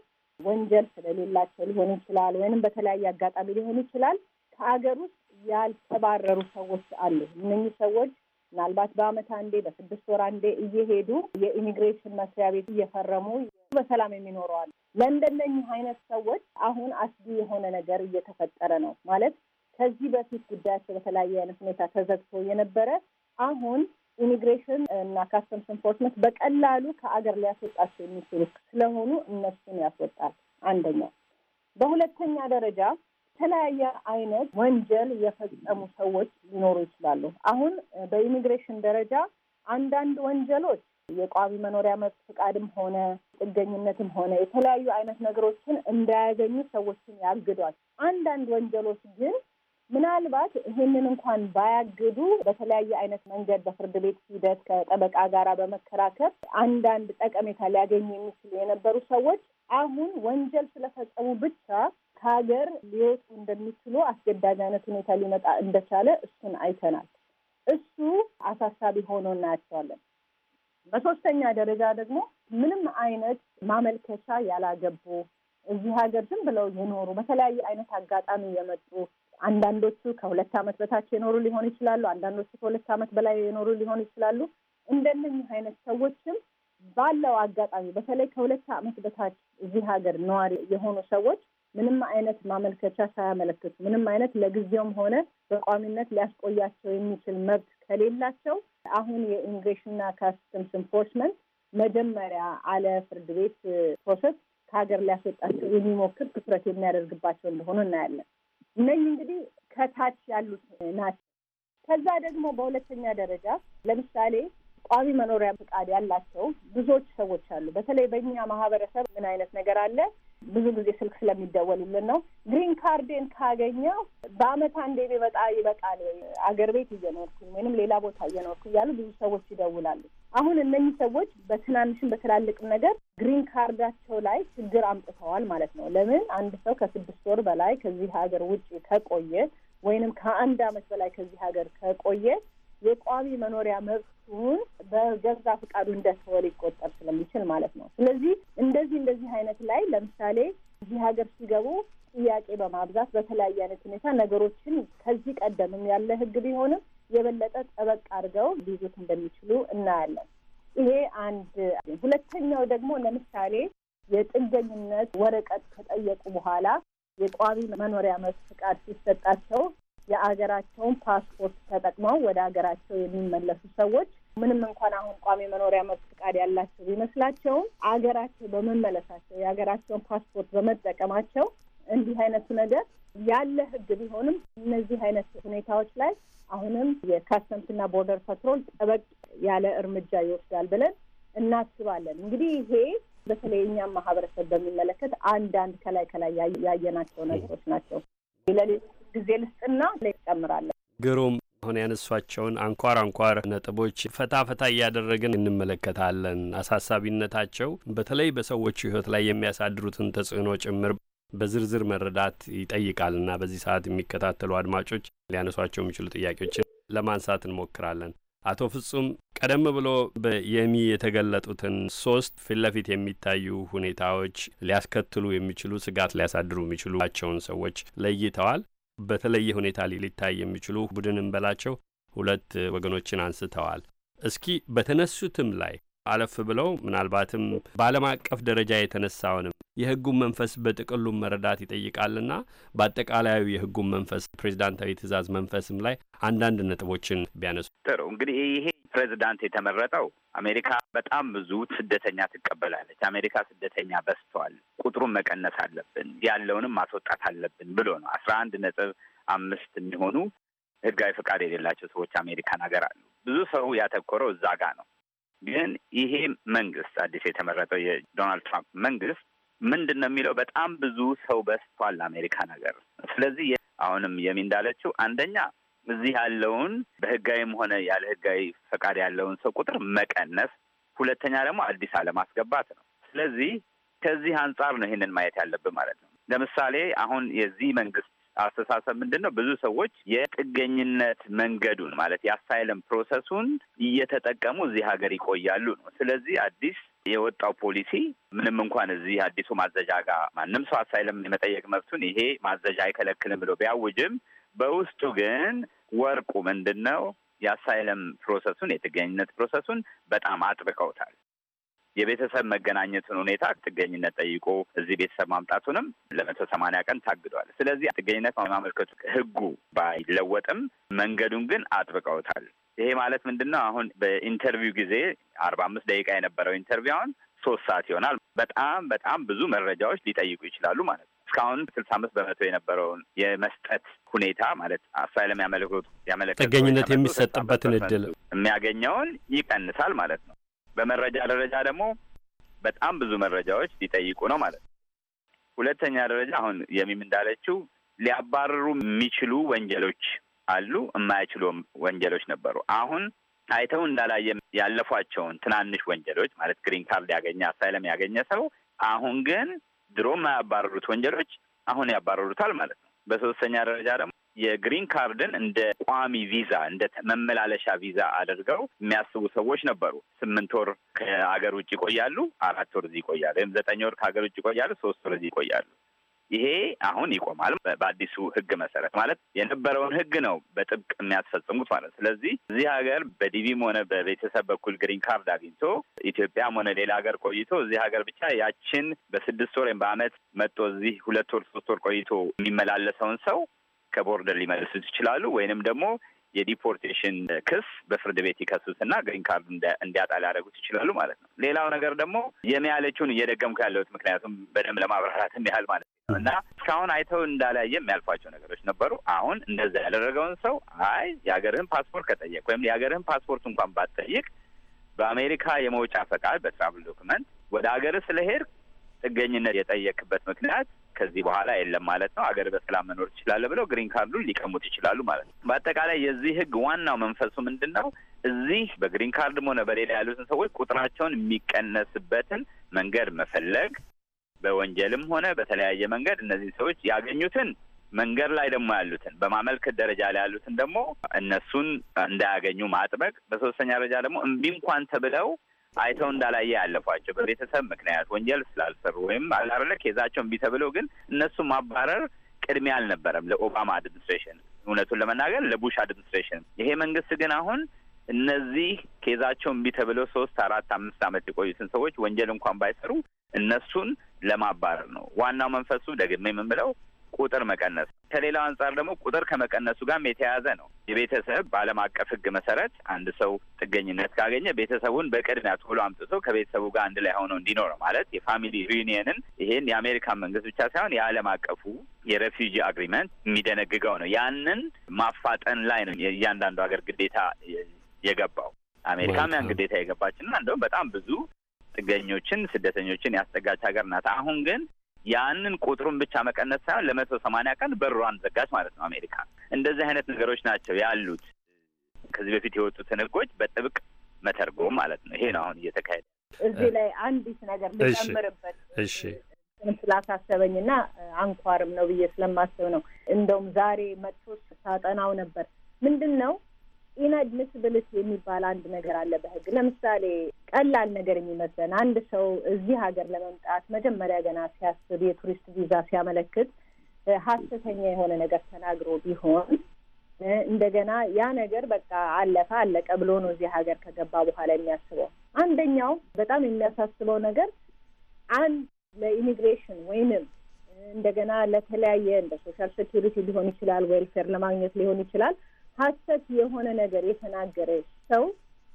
ወንጀል ስለሌላቸው ሊሆን ይችላል ወይንም በተለያየ አጋጣሚ ሊሆን ይችላል ከሀገር ውስጥ ያልተባረሩ ሰዎች አሉ። እነኚህ ሰዎች ምናልባት በአመት አንዴ በስድስት ወር አንዴ እየሄዱ የኢሚግሬሽን መስሪያ ቤት እየፈረሙ በሰላም የሚኖረዋል። ለእንደነኚህ አይነት ሰዎች አሁን አስጊ የሆነ ነገር እየተፈጠረ ነው ማለት ከዚህ በፊት ጉዳያቸው በተለያየ አይነት ሁኔታ ተዘግቶ የነበረ አሁን ኢሚግሬሽን እና ካስተምስ ኢንፎርስመንት በቀላሉ ከአገር ሊያስወጣቸው የሚችሉ ስለሆኑ እነሱን ያስወጣል። አንደኛው በሁለተኛ ደረጃ የተለያየ አይነት ወንጀል የፈጸሙ ሰዎች ሊኖሩ ይችላሉ። አሁን በኢሚግሬሽን ደረጃ አንዳንድ ወንጀሎች የቋሚ መኖሪያ መብት ፍቃድም ሆነ ጥገኝነትም ሆነ የተለያዩ አይነት ነገሮችን እንዳያገኙ ሰዎችን ያግዷል። አንዳንድ ወንጀሎች ግን ምናልባት ይህንን እንኳን ባያግዱ በተለያየ አይነት መንገድ በፍርድ ቤት ሂደት ከጠበቃ ጋር በመከራከር አንዳንድ ጠቀሜታ ሊያገኙ የሚችሉ የነበሩ ሰዎች አሁን ወንጀል ስለፈጸሙ ብቻ ከሀገር ሊወጡ እንደሚችሉ አስገዳጅ አይነት ሁኔታ ሊመጣ እንደቻለ እሱን አይተናል። እሱ አሳሳቢ ሆኖ እናያቸዋለን። በሶስተኛ ደረጃ ደግሞ ምንም አይነት ማመልከቻ ያላገቡ እዚህ ሀገር ዝም ብለው የኖሩ በተለያየ አይነት አጋጣሚ የመጡ አንዳንዶቹ ከሁለት ዓመት በታች የኖሩ ሊሆን ይችላሉ። አንዳንዶቹ ከሁለት ዓመት በላይ የኖሩ ሊሆን ይችላሉ። እንደነኝህ አይነት ሰዎችም ባለው አጋጣሚ በተለይ ከሁለት ዓመት በታች እዚህ ሀገር ነዋሪ የሆኑ ሰዎች ምንም አይነት ማመልከቻ ሳያመለክቱ ምንም አይነት ለጊዜውም ሆነ በቋሚነት ሊያስቆያቸው የሚችል መብት ከሌላቸው አሁን የኢሚግሬሽንና ካስተምስ ኢንፎርስመንት መጀመሪያ አለ ፍርድ ቤት ፕሮሰስ ከሀገር ሊያስወጣቸው የሚሞክር ትኩረት የሚያደርግባቸው እንደሆኑ እናያለን። እነዚህ እንግዲህ ከታች ያሉት ናቸው። ከዛ ደግሞ በሁለተኛ ደረጃ ለምሳሌ ቋሚ መኖሪያ ፍቃድ ያላቸው ብዙዎች ሰዎች አሉ። በተለይ በእኛ ማህበረሰብ ምን አይነት ነገር አለ? ብዙ ጊዜ ስልክ ስለሚደወልልን ነው። ግሪን ካርዴን ካገኘው በአመት አንዴ ቢመጣ ይበቃል ወይ አገር ቤት እየኖርኩ ወይንም ሌላ ቦታ እየኖርኩ እያሉ ብዙ ሰዎች ይደውላሉ። አሁን እነኚህ ሰዎች በትናንሽም በትላልቅም ነገር ግሪን ካርዳቸው ላይ ችግር አምጥተዋል ማለት ነው። ለምን አንድ ሰው ከስድስት ወር በላይ ከዚህ ሀገር ውጭ ከቆየ ወይንም ከአንድ አመት በላይ ከዚህ ሀገር ከቆየ የቋሚ መኖሪያ መብቱን በገዛ ፈቃዱ እንደተወ ሊቆጠር ስለሚችል ማለት ነው። ስለዚህ እንደዚህ እንደዚህ አይነት ላይ ለምሳሌ እዚህ ሀገር ሲገቡ ጥያቄ በማብዛት በተለያየ አይነት ሁኔታ ነገሮችን ከዚህ ቀደምም ያለ ህግ ቢሆንም የበለጠ ጠበቅ አድርገው ሊይዙት እንደሚችሉ እናያለን። ይሄ አንድ። ሁለተኛው ደግሞ ለምሳሌ የጥገኝነት ወረቀት ከጠየቁ በኋላ የቋሚ መኖሪያ መብት ፍቃድ ሲሰጣቸው የአገራቸውን ፓስፖርት ተጠቅመው ወደ አገራቸው የሚመለሱ ሰዎች ምንም እንኳን አሁን ቋሚ መኖሪያ መብት ፍቃድ ያላቸው ቢመስላቸውም አገራቸው በመመለሳቸው የሀገራቸውን ፓስፖርት በመጠቀማቸው እንዲህ አይነቱ ነገር ያለ ህግ ቢሆንም እነዚህ አይነት ሁኔታዎች ላይ አሁንም የካስተምስና ቦርደር ፐትሮል ጠበቅ ያለ እርምጃ ይወስዳል ብለን እናስባለን። እንግዲህ ይሄ በተለይ እኛም ማህበረሰብ በሚመለከት አንዳንድ ከላይ ከላይ ያየናቸው ነገሮች ናቸው። ለሌሎች ጊዜ ልስጥና ይጨምራለን። ግሩም አሁን ያነሷቸውን አንኳር አንኳር ነጥቦች ፈታ ፈታ እያደረግን እንመለከታለን። አሳሳቢነታቸው በተለይ በሰዎቹ ሕይወት ላይ የሚያሳድሩትን ተጽዕኖ ጭምር በዝርዝር መረዳት ይጠይቃልና በዚህ ሰዓት የሚከታተሉ አድማጮች ሊያነሷቸው የሚችሉ ጥያቄዎችን ለማንሳት እንሞክራለን። አቶ ፍጹም ቀደም ብሎ በየሚ የተገለጡትን ሶስት ፊት ለፊት የሚታዩ ሁኔታዎች ሊያስከትሉ የሚችሉ ስጋት ሊያሳድሩ የሚችሉቸውን ሰዎች ለይተዋል። በተለየ ሁኔታ ሊታይ የሚችሉ ቡድን በላቸው ሁለት ወገኖችን አንስተዋል። እስኪ በተነሱትም ላይ አለፍ ብለው ምናልባትም በዓለም አቀፍ ደረጃ የተነሳውንም የህጉን መንፈስ በጥቅሉን መረዳት ይጠይቃልና በአጠቃላዩ የህጉን መንፈስ ፕሬዚዳንታዊ ትእዛዝ መንፈስም ላይ አንዳንድ ነጥቦችን ቢያነሱ ጥሩ። እንግዲህ ይሄ ፕሬዚዳንት የተመረጠው አሜሪካ በጣም ብዙ ስደተኛ ትቀበላለች፣ አሜሪካ ስደተኛ በዝተዋል፣ ቁጥሩን መቀነስ አለብን፣ ያለውንም ማስወጣት አለብን ብሎ ነው። አስራ አንድ ነጥብ አምስት የሚሆኑ ህጋዊ ፈቃድ የሌላቸው ሰዎች አሜሪካን ሀገር አሉ። ብዙ ሰው ያተኮረው እዛ ጋር ነው። ግን ይሄ መንግስት አዲስ የተመረጠው የዶናልድ ትራምፕ መንግስት ምንድን ነው የሚለው በጣም ብዙ ሰው በስቷል አሜሪካ ነገር። ስለዚህ አሁንም የሚ እንዳለችው አንደኛ እዚህ ያለውን በህጋዊም ሆነ ያለ ህጋዊ ፈቃድ ያለውን ሰው ቁጥር መቀነስ፣ ሁለተኛ ደግሞ አዲስ አለማስገባት ነው። ስለዚህ ከዚህ አንጻር ነው ይሄንን ማየት ያለብን ማለት ነው። ለምሳሌ አሁን የዚህ መንግስት አስተሳሰብ ምንድን ነው? ብዙ ሰዎች የጥገኝነት መንገዱን ማለት የአሳይለም ፕሮሰሱን እየተጠቀሙ እዚህ ሀገር ይቆያሉ ነው። ስለዚህ አዲስ የወጣው ፖሊሲ ምንም እንኳን እዚህ አዲሱ ማዘዣ ጋር ማንም ሰው አሳይለም የመጠየቅ መብቱን ይሄ ማዘዣ አይከለክልም ብሎ ቢያውጅም በውስጡ ግን ወርቁ ምንድን ነው? የአሳይለም ፕሮሰሱን የጥገኝነት ፕሮሰሱን በጣም አጥብቀውታል። የቤተሰብ መገናኘቱን ሁኔታ ጥገኝነት ጠይቆ እዚህ ቤተሰብ ማምጣቱንም ለመቶ ሰማንያ ቀን ታግዷል። ስለዚህ ጥገኝነት ማመልከቱ ህጉ ባይለወጥም መንገዱን ግን አጥብቀውታል። ይሄ ማለት ምንድን ነው? አሁን በኢንተርቪው ጊዜ አርባ አምስት ደቂቃ የነበረው ኢንተርቪው አሁን ሶስት ሰዓት ይሆናል። በጣም በጣም ብዙ መረጃዎች ሊጠይቁ ይችላሉ ማለት ነው። እስካሁን ስልሳ አምስት በመቶ የነበረውን የመስጠት ሁኔታ ማለት አሳይለም ያመለክቱ ጥገኝነት የሚሰጥበትን እድል የሚያገኘውን ይቀንሳል ማለት ነው። በመረጃ ደረጃ ደግሞ በጣም ብዙ መረጃዎች ሊጠይቁ ነው ማለት ነው። ሁለተኛ ደረጃ አሁን የሚም እንዳለችው ሊያባረሩ የሚችሉ ወንጀሎች አሉ፣ የማይችሉ ወንጀሎች ነበሩ። አሁን አይተው እንዳላየ ያለፏቸውን ትናንሽ ወንጀሎች ማለት ግሪን ካርድ ያገኘ አሳይለም ያገኘ ሰው አሁን ግን ድሮ የማያባረሩት ወንጀሎች አሁን ያባረሩታል ማለት ነው። በሶስተኛ ደረጃ ደግሞ የግሪን ካርድን እንደ ቋሚ ቪዛ እንደ መመላለሻ ቪዛ አድርገው የሚያስቡ ሰዎች ነበሩ። ስምንት ወር ከሀገር ውጭ ይቆያሉ፣ አራት ወር እዚህ ይቆያሉ፣ ወይም ዘጠኝ ወር ከሀገር ውጭ ይቆያሉ፣ ሶስት ወር እዚህ ይቆያሉ። ይሄ አሁን ይቆማል። በአዲሱ ህግ መሰረት ማለት የነበረውን ህግ ነው በጥብቅ የሚያስፈጽሙት ማለት። ስለዚህ እዚህ ሀገር በዲቪም ሆነ በቤተሰብ በኩል ግሪን ካርድ አግኝቶ ኢትዮጵያም ሆነ ሌላ ሀገር ቆይቶ እዚህ ሀገር ብቻ ያችን በስድስት ወር ወይም በአመት መጥቶ እዚህ ሁለት ወር ሶስት ወር ቆይቶ የሚመላለሰውን ሰው ከቦርደር ሊመልሱ ይችላሉ ወይንም ደግሞ የዲፖርቴሽን ክስ በፍርድ ቤት ይከሱትና ግሪን ካርድ እንዲያጣ ሊያደርጉት ይችላሉ ማለት ነው። ሌላው ነገር ደግሞ የሚያለችውን እየደገምኩ ያለሁት ምክንያቱም በደንብ ለማብራራትም ያህል ማለት ነው እና እስካሁን አይተው እንዳላየ የሚያልፏቸው ነገሮች ነበሩ። አሁን እንደዛ ያደረገውን ሰው አይ የሀገርህን ፓስፖርት ከጠየቅ ወይም የሀገርህን ፓስፖርት እንኳን ባትጠይቅ በአሜሪካ የመውጫ ፈቃድ በትራቭል ዶክመንት ወደ ሀገር ስለሄድ ጥገኝነት የጠየቅበት ምክንያት ከዚህ በኋላ የለም ማለት ነው፣ አገር በሰላም መኖር ትችላለህ ብለው ግሪን ካርዱን ሊቀሙት ይችላሉ ማለት ነው። በአጠቃላይ የዚህ ህግ ዋናው መንፈሱ ምንድን ነው? እዚህ በግሪን ካርድም ሆነ በሌላ ያሉትን ሰዎች ቁጥራቸውን የሚቀነስበትን መንገድ መፈለግ፣ በወንጀልም ሆነ በተለያየ መንገድ እነዚህ ሰዎች ያገኙትን መንገድ ላይ ደግሞ ያሉትን በማመልከት ደረጃ ላይ ያሉትን ደግሞ እነሱን እንዳያገኙ ማጥበቅ፣ በሶስተኛ ደረጃ ደግሞ እምቢ እንኳን ተብለው አይተው እንዳላየ ያለፏቸው በቤተሰብ ምክንያት ወንጀል ስላልሰሩ ወይም አላረለ ኬዛቸውን ቢተብለው ግን እነሱ ማባረር ቅድሚያ አልነበረም ለኦባማ አድሚኒስትሬሽን፣ እውነቱን ለመናገር ለቡሽ አድሚኒስትሬሽን። ይሄ መንግስት ግን አሁን እነዚህ ኬዛቸውን ቢተብለው ሶስት አራት አምስት ዓመት የቆዩትን ሰዎች ወንጀል እንኳን ባይሰሩ እነሱን ለማባረር ነው ዋናው መንፈሱ። ደግሜ የምንብለው ቁጥር መቀነስ። ከሌላው አንጻር ደግሞ ቁጥር ከመቀነሱ ጋርም የተያያዘ ነው። የቤተሰብ በዓለም አቀፍ ሕግ መሰረት አንድ ሰው ጥገኝነት ካገኘ ቤተሰቡን በቅድሚያ ቶሎ አምጥቶ ከቤተሰቡ ጋር አንድ ላይ ሆነው እንዲኖረው ማለት የፋሚሊ ሪዩኒየንን ይሄን የአሜሪካን መንግስት ብቻ ሳይሆን የዓለም አቀፉ የሬፊጂ አግሪመንት የሚደነግገው ነው። ያንን ማፋጠን ላይ ነው የእያንዳንዱ ሀገር ግዴታ የገባው። አሜሪካም ያን ግዴታ የገባችና እንደውም በጣም ብዙ ጥገኞችን ስደተኞችን ያስጠጋች ሀገር ናት። አሁን ግን ያንን ቁጥሩን ብቻ መቀነስ ሳይሆን ለመቶ ሰማንያ ቀን በሯን ዘጋች ማለት ነው አሜሪካ። እንደዚህ አይነት ነገሮች ናቸው ያሉት። ከዚህ በፊት የወጡትን ህጎች በጥብቅ መተርጎም ማለት ነው። ይሄ ነው አሁን እየተካሄደ። እዚህ ላይ አንዲት ነገር ልጨምርበት ስላሳሰበኝ እና አንኳርም ነው ብዬ ስለማስብ ነው። እንደውም ዛሬ መጥቶ ሳጠናው ነበር ምንድን ነው ኢንአድሚስብልቲ የሚባል አንድ ነገር አለ በህግ። ለምሳሌ ቀላል ነገር የሚመስለን አንድ ሰው እዚህ ሀገር ለመምጣት መጀመሪያ ገና ሲያስብ የቱሪስት ቪዛ ሲያመለክት ሀሰተኛ የሆነ ነገር ተናግሮ ቢሆን እንደገና ያ ነገር በቃ አለፈ አለቀ ብሎ ነው እዚህ ሀገር ከገባ በኋላ የሚያስበው። አንደኛው በጣም የሚያሳስበው ነገር አንድ ለኢሚግሬሽን ወይንም እንደገና ለተለያየ እንደ ሶሻል ሴኪሪቲ ሊሆን ይችላል፣ ዌልፌር ለማግኘት ሊሆን ይችላል ሀሰት የሆነ ነገር የተናገረ ሰው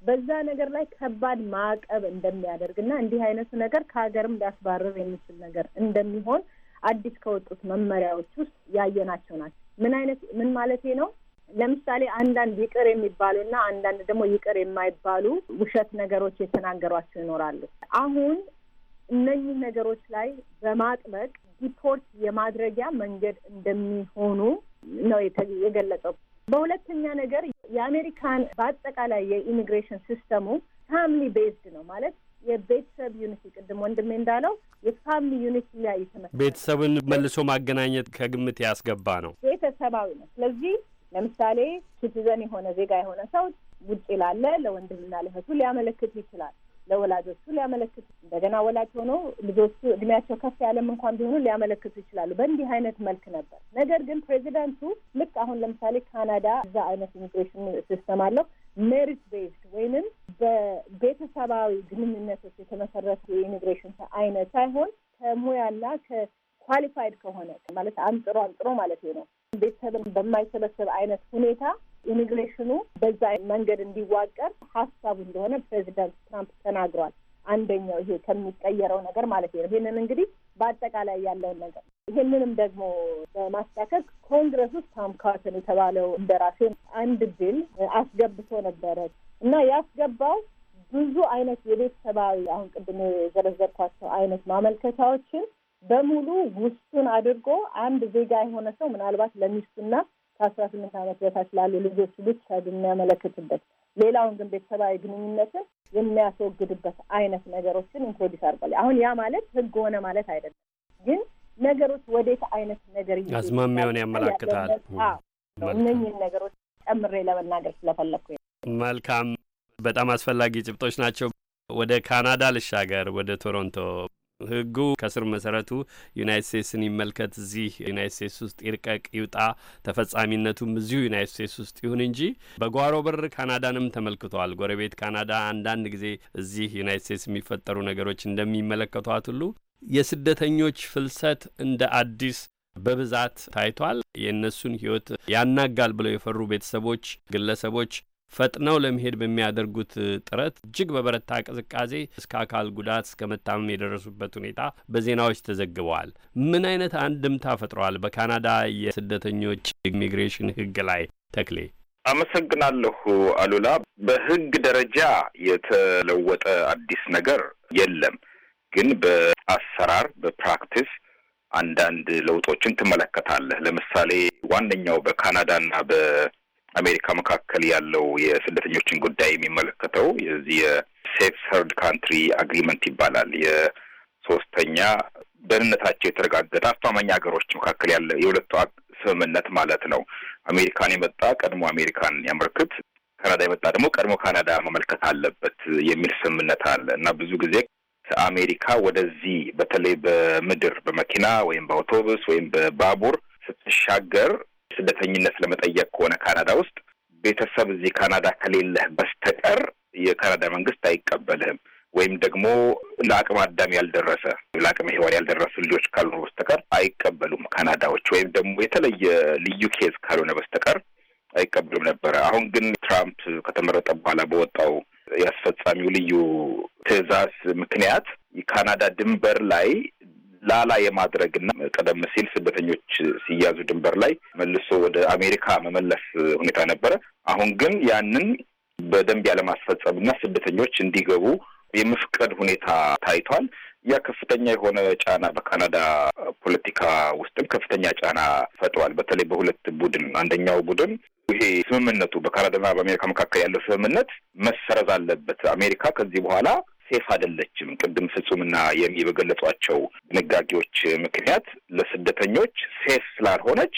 በዛ ነገር ላይ ከባድ ማዕቀብ እንደሚያደርግ እና እንዲህ አይነቱ ነገር ከሀገርም ሊያስባረር የሚችል ነገር እንደሚሆን አዲስ ከወጡት መመሪያዎች ውስጥ ያየናቸው ናቸው። ምን አይነት ምን ማለቴ ነው? ለምሳሌ አንዳንድ ይቅር የሚባሉና አንዳንድ ደግሞ ይቅር የማይባሉ ውሸት ነገሮች የተናገሯቸው ይኖራሉ። አሁን እነኚህ ነገሮች ላይ በማጥበቅ ዲፖርት የማድረጊያ መንገድ እንደሚሆኑ ነው የገለጸው። በሁለተኛ ነገር የአሜሪካን በአጠቃላይ የኢሚግሬሽን ሲስተሙ ፋሚሊ ቤዝድ ነው ማለት የቤተሰብ ዩኒቲ ቅድም ወንድሜ እንዳለው የፋሚሊ ዩኒቲ ላይ የተመሰረተ ቤተሰብን መልሶ ማገናኘት ከግምት ያስገባ ነው፣ ቤተሰባዊ ነው። ስለዚህ ለምሳሌ ሲቲዘን የሆነ ዜጋ የሆነ ሰው ውጭ ላለ ለወንድምና ለእህቱ ሊያመለክት ይችላል። ለወላጆቹ ሊያመለክቱ እንደገና ወላጅ ሆኖ ልጆቹ እድሜያቸው ከፍ ያለም እንኳን ቢሆኑ ሊያመለክቱ ይችላሉ። በእንዲህ አይነት መልክ ነበር። ነገር ግን ፕሬዚዳንቱ ልክ አሁን ለምሳሌ ካናዳ እዛ አይነት ኢሚግሬሽን ሲስተም አለው ሜሪት ቤዝድ ወይንም በቤተሰባዊ ግንኙነቶች የተመሰረቱ የኢሚግሬሽን አይነት ሳይሆን ከሙያና ከኳሊፋይድ ከሆነ ማለት አንጥሮ አንጥሮ ማለት ነው ቤተሰብን በማይሰበሰብ አይነት ሁኔታ ኢሚግሬሽኑ በዛ መንገድ እንዲዋቀር ሀሳቡ እንደሆነ ፕሬዚዳንት ትራምፕ ተናግሯል። አንደኛው ይሄ ከሚቀየረው ነገር ማለት ነው። ይሄንን እንግዲህ በአጠቃላይ ያለውን ነገር ይህንንም ደግሞ በማስታከክ ኮንግረስ ውስጥ ታም ካርተን የተባለው እንደራሴ አንድ ቢል አስገብቶ ነበረ እና ያስገባው ብዙ አይነት የቤተሰባዊ አሁን ቅድም የዘረዘርኳቸው አይነት ማመልከቻዎችን በሙሉ ውሱን አድርጎ አንድ ዜጋ የሆነ ሰው ምናልባት ለሚስቱና ከአስራ ስምንት ዓመት በታች ላሉ ልጆች ብቻ የሚያመለክትበት ሌላውን ግን ቤተሰባዊ ግንኙነትን የሚያስወግድበት አይነት ነገሮችን ኢንትሮዲስ አድርጓል። አሁን ያ ማለት ህግ ሆነ ማለት አይደለም፣ ግን ነገሮች ወዴት አይነት ነገር አዝማሚያውን ያመላክታል። እነኝን ነገሮች ጨምሬ ለመናገር ስለፈለግኩ መልካም። በጣም አስፈላጊ ጭብጦች ናቸው። ወደ ካናዳ ልሻገር፣ ወደ ቶሮንቶ ህጉ ከስር መሰረቱ ዩናይት ስቴትስን ይመልከት፣ እዚህ ዩናይት ስቴትስ ውስጥ ይርቀቅ ይውጣ፣ ተፈጻሚነቱም እዚሁ ዩናይት ስቴትስ ውስጥ ይሁን እንጂ በጓሮ በር ካናዳንም ተመልክቷል። ጎረቤት ካናዳ አንዳንድ ጊዜ እዚህ ዩናይት ስቴትስ የሚፈጠሩ ነገሮች እንደሚመለከቷት ሁሉ የስደተኞች ፍልሰት እንደ አዲስ በብዛት ታይቷል። የእነሱን ህይወት ያናጋል ብለው የፈሩ ቤተሰቦች፣ ግለሰቦች ፈጥነው ለመሄድ በሚያደርጉት ጥረት እጅግ በበረታ ቅዝቃዜ እስከ አካል ጉዳት እስከ መታመም የደረሱበት ሁኔታ በዜናዎች ተዘግበዋል። ምን አይነት አንድምታ ፈጥረዋል በካናዳ የስደተኞች ኢሚግሬሽን ህግ ላይ ተክሌ? አመሰግናለሁ አሉላ። በህግ ደረጃ የተለወጠ አዲስ ነገር የለም፣ ግን በአሰራር በፕራክቲስ አንዳንድ ለውጦችን ትመለከታለህ። ለምሳሌ ዋነኛው በካናዳና በ አሜሪካ መካከል ያለው የስደተኞችን ጉዳይ የሚመለከተው የዚህ የሴፍ ሰርድ ካንትሪ አግሪመንት ይባላል። የሶስተኛ ደህንነታቸው የተረጋገጠ አስተማማኝ ሀገሮች መካከል ያለ የሁለቱ ስምምነት ማለት ነው። አሜሪካን የመጣ ቀድሞ አሜሪካን ያመልክት፣ ካናዳ የመጣ ደግሞ ቀድሞ ካናዳ መመልከት አለበት የሚል ስምምነት አለ እና ብዙ ጊዜ ከአሜሪካ ወደዚህ በተለይ በምድር በመኪና ወይም በአውቶቡስ ወይም በባቡር ስትሻገር ስደተኝነት ለመጠየቅ ከሆነ ካናዳ ውስጥ ቤተሰብ እዚህ ካናዳ ከሌለህ በስተቀር የካናዳ መንግስት አይቀበልህም። ወይም ደግሞ ለአቅመ አዳም ያልደረሰ ለአቅመ ሔዋን ያልደረሱ ልጆች ካልሆነ በስተቀር አይቀበሉም ካናዳዎች። ወይም ደግሞ የተለየ ልዩ ኬዝ ካልሆነ በስተቀር አይቀበሉም ነበረ። አሁን ግን ትራምፕ ከተመረጠ በኋላ በወጣው የአስፈጻሚው ልዩ ትዕዛዝ ምክንያት የካናዳ ድንበር ላይ ላላ የማድረግና ቀደም ሲል ስደተኞች ሲያዙ ድንበር ላይ መልሶ ወደ አሜሪካ መመለስ ሁኔታ ነበረ። አሁን ግን ያንን በደንብ ያለማስፈጸምና ስደተኞች እንዲገቡ የመፍቀድ ሁኔታ ታይቷል። ያ ከፍተኛ የሆነ ጫና በካናዳ ፖለቲካ ውስጥም ከፍተኛ ጫና ፈጥሯል። በተለይ በሁለት ቡድን፣ አንደኛው ቡድን ይሄ ስምምነቱ በካናዳና በአሜሪካ መካከል ያለው ስምምነት መሰረዝ አለበት፣ አሜሪካ ከዚህ በኋላ ሴፍ አይደለችም። ቅድም ፍጹምና የሚ በገለጿቸው ድንጋጌዎች ምክንያት ለስደተኞች ሴፍ ስላልሆነች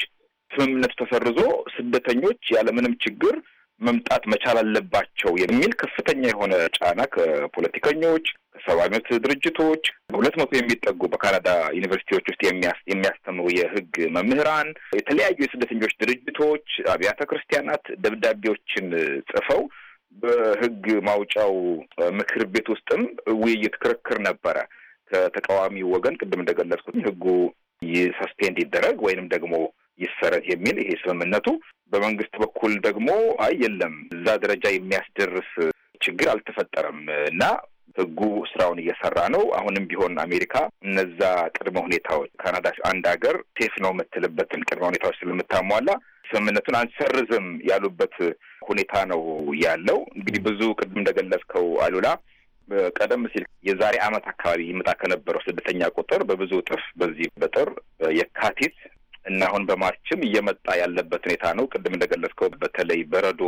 ስምምነቱ ተሰርዞ ስደተኞች ያለምንም ችግር መምጣት መቻል አለባቸው የሚል ከፍተኛ የሆነ ጫና ከፖለቲከኞች፣ ከሰብአዊ መብት ድርጅቶች በሁለት መቶ የሚጠጉ በካናዳ ዩኒቨርሲቲዎች ውስጥ የሚያስተምሩ የሕግ መምህራን፣ የተለያዩ የስደተኞች ድርጅቶች፣ አብያተ ክርስቲያናት ደብዳቤዎችን ጽፈው በህግ ማውጫው ምክር ቤት ውስጥም ውይይት፣ ክርክር ነበረ ከተቃዋሚ ወገን ቅድም እንደገለጽኩት ህጉ ሰስፔንድ ይደረግ ወይንም ደግሞ ይሰረት የሚል ይሄ ስምምነቱ በመንግስት በኩል ደግሞ አይ የለም እዛ ደረጃ የሚያስደርስ ችግር አልተፈጠረም እና ህጉ ስራውን እየሰራ ነው። አሁንም ቢሆን አሜሪካ እነዛ ቅድመ ሁኔታዎች ካናዳ አንድ ሀገር ሴፍ ነው የምትልበትን ቅድመ ሁኔታዎች ስለምታሟላ ስምምነቱን አንሰርዝም ያሉበት ሁኔታ ነው ያለው። እንግዲህ ብዙ ቅድም እንደገለጽከው አሉላ ቀደም ሲል የዛሬ ዓመት አካባቢ ይመጣ ከነበረው ስደተኛ ቁጥር በብዙ እጥፍ በዚህ በጥር የካቲት እና አሁን በማርችም እየመጣ ያለበት ሁኔታ ነው። ቅድም እንደገለጽከው በተለይ በረዶ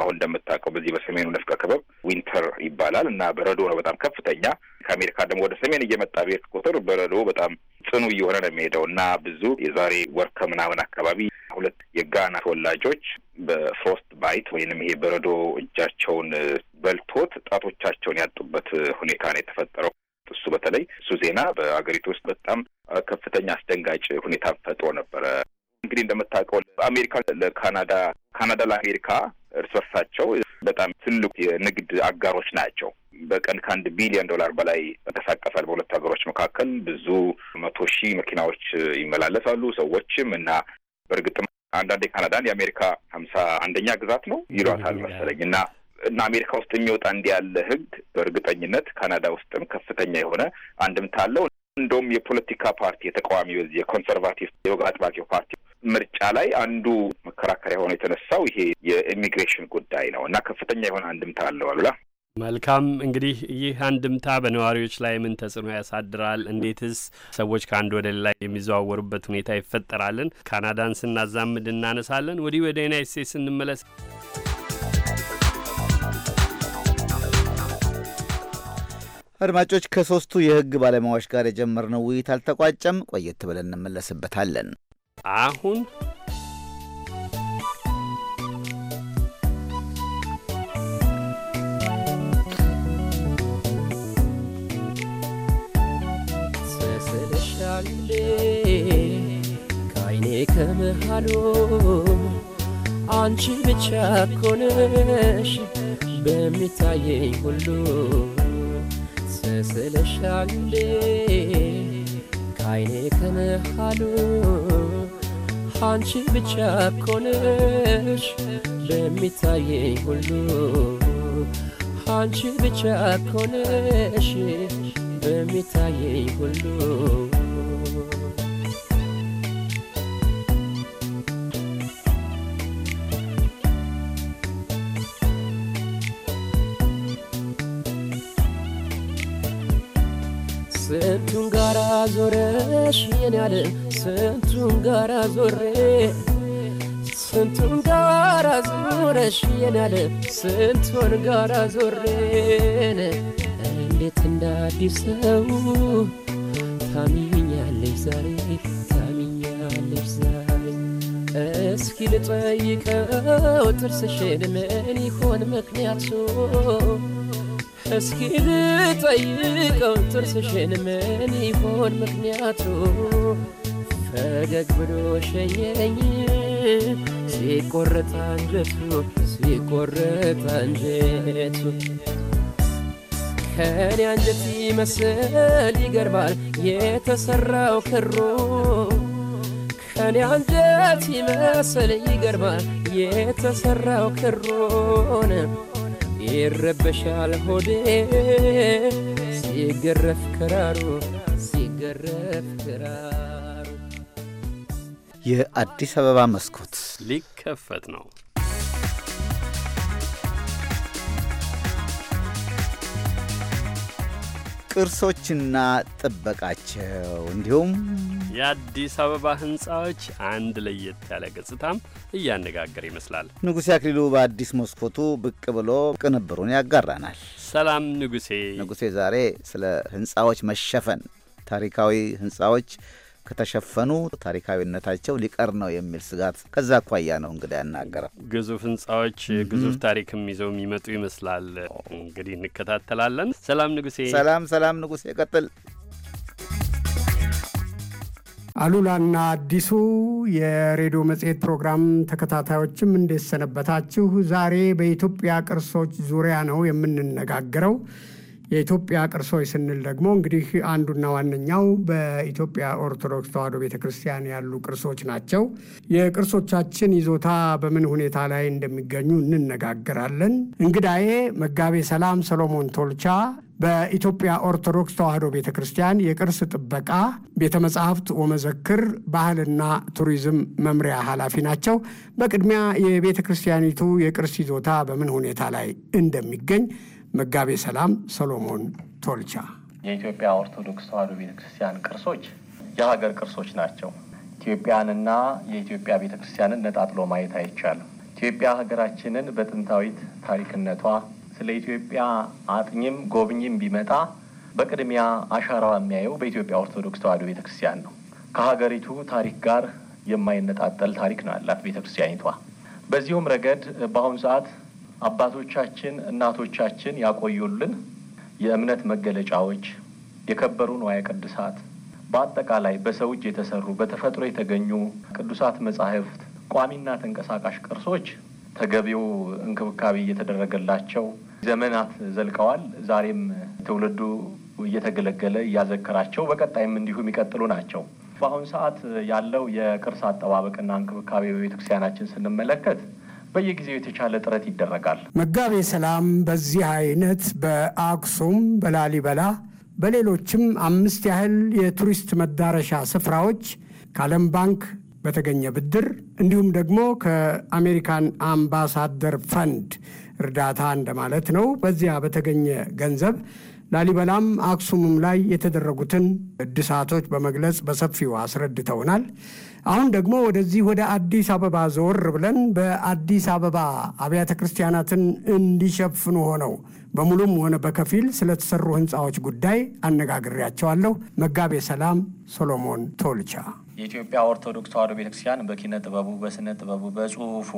አሁን እንደምታውቀው በዚህ በሰሜኑ ንፍቀ ክበብ ዊንተር ይባላል እና በረዶ ነው በጣም ከፍተኛ። ከአሜሪካ ደግሞ ወደ ሰሜን እየመጣ ብሄድ ቁጥር በረዶ በጣም ጽኑ እየሆነ ነው የሚሄደው እና ብዙ የዛሬ ወር ከምናምን አካባቢ ሁለት የጋና ተወላጆች በፍሮስት ባይት ወይንም ይሄ በረዶ እጃቸውን በልቶት ጣቶቻቸውን ያጡበት ሁኔታ ነው የተፈጠረው። እሱ በተለይ እሱ ዜና በሀገሪቱ ውስጥ በጣም ከፍተኛ አስደንጋጭ ሁኔታ ፈጥሮ ነበረ። እንግዲህ እንደምታውቀው አሜሪካ ለካናዳ ካናዳ ለአሜሪካ እርስ በርሳቸው በጣም ትልቁ የንግድ አጋሮች ናቸው። በቀን ከአንድ ቢሊዮን ዶላር በላይ ተንቀሳቀሳል። በሁለቱ ሀገሮች መካከል ብዙ መቶ ሺህ መኪናዎች ይመላለሳሉ ሰዎችም እና በእርግጥም አንዳንድ የካናዳን የአሜሪካ ሀምሳ አንደኛ ግዛት ነው ይሏታል መሰለኝ እና እና አሜሪካ ውስጥ የሚወጣ እንዲህ ያለ ህግ በእርግጠኝነት ካናዳ ውስጥም ከፍተኛ የሆነ አንድምታ አለው። እንደውም የፖለቲካ ፓርቲ የተቃዋሚ በዚህ የኮንሰርቫቲቭ የወግ አጥባቂው ፓርቲ ምርጫ ላይ አንዱ መከራከሪያ ሆኖ የተነሳው ይሄ የኢሚግሬሽን ጉዳይ ነው እና ከፍተኛ የሆነ አንድምታ አለው። አሉላ መልካም እንግዲህ ይህ አንድምታ በነዋሪዎች ላይ ምን ተጽዕኖ ያሳድራል? እንዴትስ ሰዎች ከአንድ ወደ ሌላ የሚዘዋወሩበት ሁኔታ ይፈጠራልን? ካናዳን ስናዛምድ እናነሳለን። ወዲህ ወደ ዩናይት ስቴትስ እንመለስ። አድማጮች ከሶስቱ የህግ ባለሙያዎች ጋር የጀመርነው ውይይት አልተቋጨም። ቆየት ብለን እንመለስበታለን። አሁን ከአይኔ ከመሃሉ አንቺ ብቻ ኮነሽ በሚታየኝ ሁሉ መስለሻል ከአይኔ ከመሃሉ አንቺ ብቻ እኮ በሚታየኝ ሁሉ አንቺ ብቻ እኮ በሚታየኝ ሁሉ ዞረሽ የኔ ያለ ስንቱን ጋራ ዞሬ ስንቱን ጋራ ዞረሽ የኔ ያለ ስንቱን ጋራ ዞሬን እንዴት እንደ አዲስ ሰው ታሚኛለሽ ዛሬ ታሚኛለሽ ዛሬ እስኪ ልጠይቀው ጥርስሽን ምን ይሆን ምክንያቱ እስኪ ልጠይቀው ጥርስሽን ምን ይሆን ምክንያቱ? ፈገግ ብሎ ሸኘኝ ሲቆረጥ አንጀቱ ሲቆረጥ አንጀቱ ከኔ አንጀት ይመስል ይገርማል የተሰራው ክሩ ከኔ አንጀት ይመስል ይገርማል የተሰራው ክሩን ይረበሻል ሆዴ ሲገረፍ ክራሩ ሲገረፍ ክራሩ የአዲስ አበባ መስኮት ሊከፈት ነው። ቅርሶችና ጥበቃቸው እንዲሁም የአዲስ አበባ ህንፃዎች አንድ ለየት ያለ ገጽታም እያነጋገር ይመስላል። ንጉሴ አክሊሉ በአዲስ መስኮቱ ብቅ ብሎ ቅንብሩን ያጋራናል። ሰላም ንጉሴ። ንጉሴ ዛሬ ስለ ህንፃዎች መሸፈን ታሪካዊ ህንፃዎች። ከተሸፈኑ ታሪካዊነታቸው ሊቀር ነው የሚል ስጋት ከዛ አኳያ ነው እንግዲህ ያናገረው። ግዙፍ ህንጻዎች ግዙፍ ታሪክም ይዘው የሚመጡ ይመስላል። እንግዲህ እንከታተላለን። ሰላም ንጉሴ። ሰላም ሰላም ንጉሴ ቀጥል። አሉላና አዲሱ የሬዲዮ መጽሔት ፕሮግራም ተከታታዮችም እንደሰነበታችሁ። ዛሬ በኢትዮጵያ ቅርሶች ዙሪያ ነው የምንነጋገረው። የኢትዮጵያ ቅርሶች ስንል ደግሞ እንግዲህ አንዱና ዋነኛው በኢትዮጵያ ኦርቶዶክስ ተዋሕዶ ቤተ ክርስቲያን ያሉ ቅርሶች ናቸው። የቅርሶቻችን ይዞታ በምን ሁኔታ ላይ እንደሚገኙ እንነጋገራለን። እንግዳዬ መጋቤ ሰላም ሰሎሞን ቶልቻ በኢትዮጵያ ኦርቶዶክስ ተዋሕዶ ቤተ ክርስቲያን የቅርስ ጥበቃ ቤተ መጻሕፍት ወመዘክር ባህልና ቱሪዝም መምሪያ ኃላፊ ናቸው። በቅድሚያ የቤተ ክርስቲያኒቱ የቅርስ ይዞታ በምን ሁኔታ ላይ እንደሚገኝ መጋቤ ሰላም ሰሎሞን ቶልቻ የኢትዮጵያ ኦርቶዶክስ ተዋሕዶ ቤተክርስቲያን ቅርሶች የሀገር ቅርሶች ናቸው። ኢትዮጵያንና የኢትዮጵያ ቤተክርስቲያንን ነጣጥሎ ማየት አይቻልም። ኢትዮጵያ ሀገራችንን በጥንታዊት ታሪክነቷ ስለ ኢትዮጵያ አጥኚም ጎብኝም ቢመጣ በቅድሚያ አሻራዋ የሚያየው በኢትዮጵያ ኦርቶዶክስ ተዋሕዶ ቤተክርስቲያን ነው። ከሀገሪቱ ታሪክ ጋር የማይነጣጠል ታሪክ ነው ያላት ቤተክርስቲያኒቷ። በዚሁም ረገድ በአሁኑ ሰዓት አባቶቻችን እናቶቻችን ያቆዩልን የእምነት መገለጫዎች፣ የከበሩ ንዋየ ቅድሳት፣ በአጠቃላይ በሰው እጅ የተሰሩ በተፈጥሮ የተገኙ ቅዱሳት መጻሕፍት፣ ቋሚና ተንቀሳቃሽ ቅርሶች ተገቢው እንክብካቤ እየተደረገላቸው ዘመናት ዘልቀዋል። ዛሬም ትውልዱ እየተገለገለ እያዘከራቸው በቀጣይም እንዲሁ የሚቀጥሉ ናቸው። በአሁኑ ሰዓት ያለው የቅርስ አጠባበቅና እንክብካቤ በቤተክርስቲያናችን ስንመለከት በየጊዜው የተቻለ ጥረት ይደረጋል። መጋቤ ሰላም በዚህ አይነት በአክሱም በላሊበላ በሌሎችም አምስት ያህል የቱሪስት መዳረሻ ስፍራዎች ከዓለም ባንክ በተገኘ ብድር እንዲሁም ደግሞ ከአሜሪካን አምባሳደር ፈንድ እርዳታ እንደማለት ነው። በዚያ በተገኘ ገንዘብ ላሊበላም አክሱምም ላይ የተደረጉትን እድሳቶች በመግለጽ በሰፊው አስረድተውናል። አሁን ደግሞ ወደዚህ ወደ አዲስ አበባ ዞር ብለን በአዲስ አበባ አብያተ ክርስቲያናትን እንዲሸፍኑ ሆነው በሙሉም ሆነ በከፊል ስለተሰሩ ህንፃዎች ጉዳይ አነጋግሬያቸዋለሁ። መጋቤ ሰላም ሶሎሞን ቶልቻ የኢትዮጵያ ኦርቶዶክስ ተዋሕዶ ቤተክርስቲያን በኪነ ጥበቡ፣ በስነ ጥበቡ፣ በጽሁፉ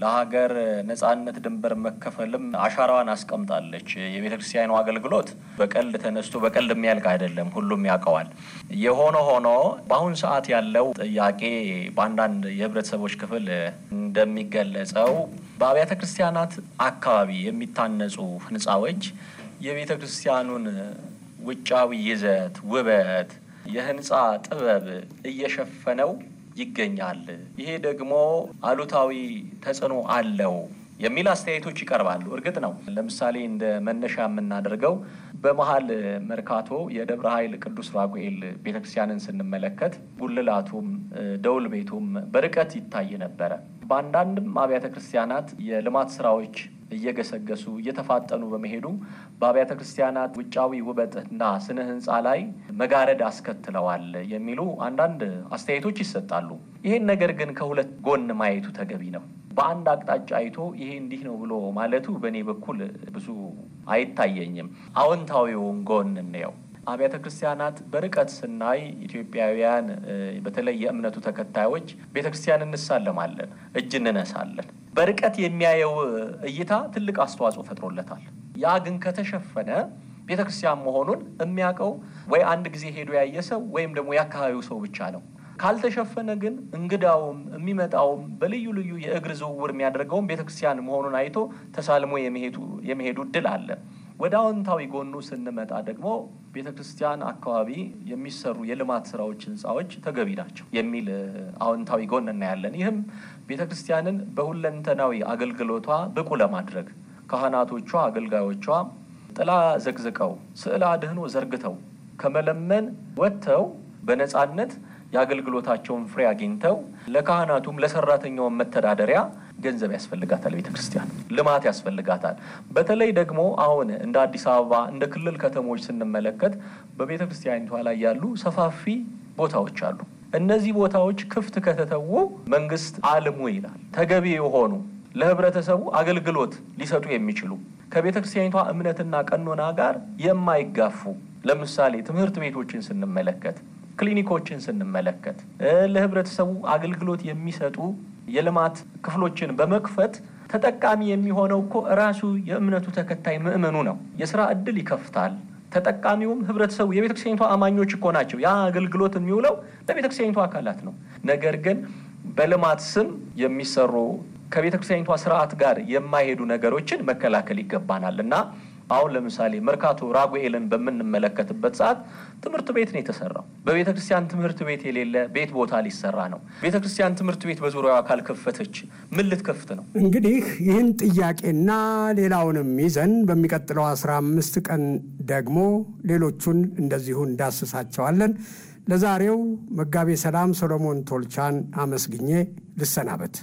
ለሀገር ነጻነት ድንበር መከፈልም አሻራዋን አስቀምጣለች። የቤተክርስቲያኑ አገልግሎት በቀልድ ተነስቶ በቀልድ የሚያልቅ አይደለም፣ ሁሉም ያውቀዋል። የሆነ ሆኖ በአሁን ሰዓት ያለው ጥያቄ በአንዳንድ የህብረተሰቦች ክፍል እንደሚገለጸው በአብያተ ክርስቲያናት አካባቢ የሚታነጹ ህንፃዎች የቤተ ክርስቲያኑን ውጫዊ ይዘት ውበት የህንፃ ጥበብ እየሸፈነው ይገኛል። ይሄ ደግሞ አሉታዊ ተጽዕኖ አለው የሚል አስተያየቶች ይቀርባሉ። እርግጥ ነው ለምሳሌ እንደ መነሻ የምናደርገው በመሀል መርካቶ የደብረ ኃይል ቅዱስ ራጉኤል ቤተክርስቲያንን ስንመለከት ጉልላቱም ደውል ቤቱም በርቀት ይታይ ነበረ። በአንዳንድም አብያተ ክርስቲያናት የልማት ስራዎች እየገሰገሱ እየተፋጠኑ በመሄዱ በአብያተ ክርስቲያናት ውጫዊ ውበትና ስነ ህንፃ ላይ መጋረድ አስከትለዋል የሚሉ አንዳንድ አስተያየቶች ይሰጣሉ። ይህን ነገር ግን ከሁለት ጎን ማየቱ ተገቢ ነው። በአንድ አቅጣጫ አይቶ ይሄ እንዲህ ነው ብሎ ማለቱ በእኔ በኩል ብዙ አይታየኝም። አዎንታዊውን ጎን እንየው። አብያተ ክርስቲያናት በርቀት ስናይ ኢትዮጵያውያን በተለይ የእምነቱ ተከታዮች ቤተ ክርስቲያን እንሳለማለን፣ እጅ እንነሳለን። በርቀት የሚያየው እይታ ትልቅ አስተዋጽኦ ፈጥሮለታል። ያ ግን ከተሸፈነ ቤተ ክርስቲያን መሆኑን የሚያውቀው ወይ አንድ ጊዜ ሄዶ ያየ ሰው ወይም ደግሞ የአካባቢው ሰው ብቻ ነው። ካልተሸፈነ ግን እንግዳውም የሚመጣውም በልዩ ልዩ የእግር ዝውውር የሚያደርገውም ቤተ ክርስቲያን መሆኑን አይቶ ተሳልሞ የመሄዱ እድል አለ። ወደ አዎንታዊ ጎኑ ስንመጣ ደግሞ ቤተ ክርስቲያን አካባቢ የሚሰሩ የልማት ስራዎች፣ ህንፃዎች ተገቢ ናቸው የሚል አዎንታዊ ጎን እናያለን። ይህም ቤተ ክርስቲያንን በሁለንተናዊ አገልግሎቷ ብቁ ለማድረግ ካህናቶቿ፣ አገልጋዮቿ ጥላ ዘቅዝቀው ስዕል አድህኖ ዘርግተው ከመለመን ወጥተው በነፃነት የአገልግሎታቸውን ፍሬ አግኝተው ለካህናቱም ለሰራተኛውን መተዳደሪያ ገንዘብ ያስፈልጋታል፣ ቤተ ክርስቲያን ልማት ያስፈልጋታል። በተለይ ደግሞ አሁን እንደ አዲስ አበባ እንደ ክልል ከተሞች ስንመለከት በቤተ ክርስቲያኒቷ ላይ ያሉ ሰፋፊ ቦታዎች አሉ። እነዚህ ቦታዎች ክፍት ከተተዉ መንግስት አልሙ ይላል። ተገቢ የሆኑ ለህብረተሰቡ አገልግሎት ሊሰጡ የሚችሉ ከቤተ ክርስቲያኒቷ እምነትና ቀኖና ጋር የማይጋፉ ለምሳሌ ትምህርት ቤቶችን ስንመለከት ክሊኒኮችን ስንመለከት ለህብረተሰቡ አገልግሎት የሚሰጡ የልማት ክፍሎችን በመክፈት ተጠቃሚ የሚሆነው እኮ ራሱ የእምነቱ ተከታይ ምእመኑ ነው። የስራ እድል ይከፍታል። ተጠቃሚውም ህብረተሰቡ የቤተ አማኞች እኮ ናቸው። ያ አገልግሎት የሚውለው ለቤተ አካላት ነው። ነገር ግን በልማት ስም የሚሰሩ ከቤተ ስርዓት ጋር የማይሄዱ ነገሮችን መከላከል ይገባናል እና አሁን ለምሳሌ መርካቶ ራጉኤልን በምንመለከትበት ሰዓት ትምህርት ቤት ነው የተሰራው። በቤተ ክርስቲያን ትምህርት ቤት የሌለ ቤት ቦታ ሊሰራ ነው። ቤተ ክርስቲያን ትምህርት ቤት በዙሪያዋ ካልከፈተች ምን ልትከፍት ነው? እንግዲህ ይህን ጥያቄና ሌላውንም ይዘን በሚቀጥለው አስራ አምስት ቀን ደግሞ ሌሎቹን እንደዚሁ እንዳስሳቸዋለን። ለዛሬው መጋቤ ሰላም ሰሎሞን ቶልቻን አመስግኜ ልሰናበት።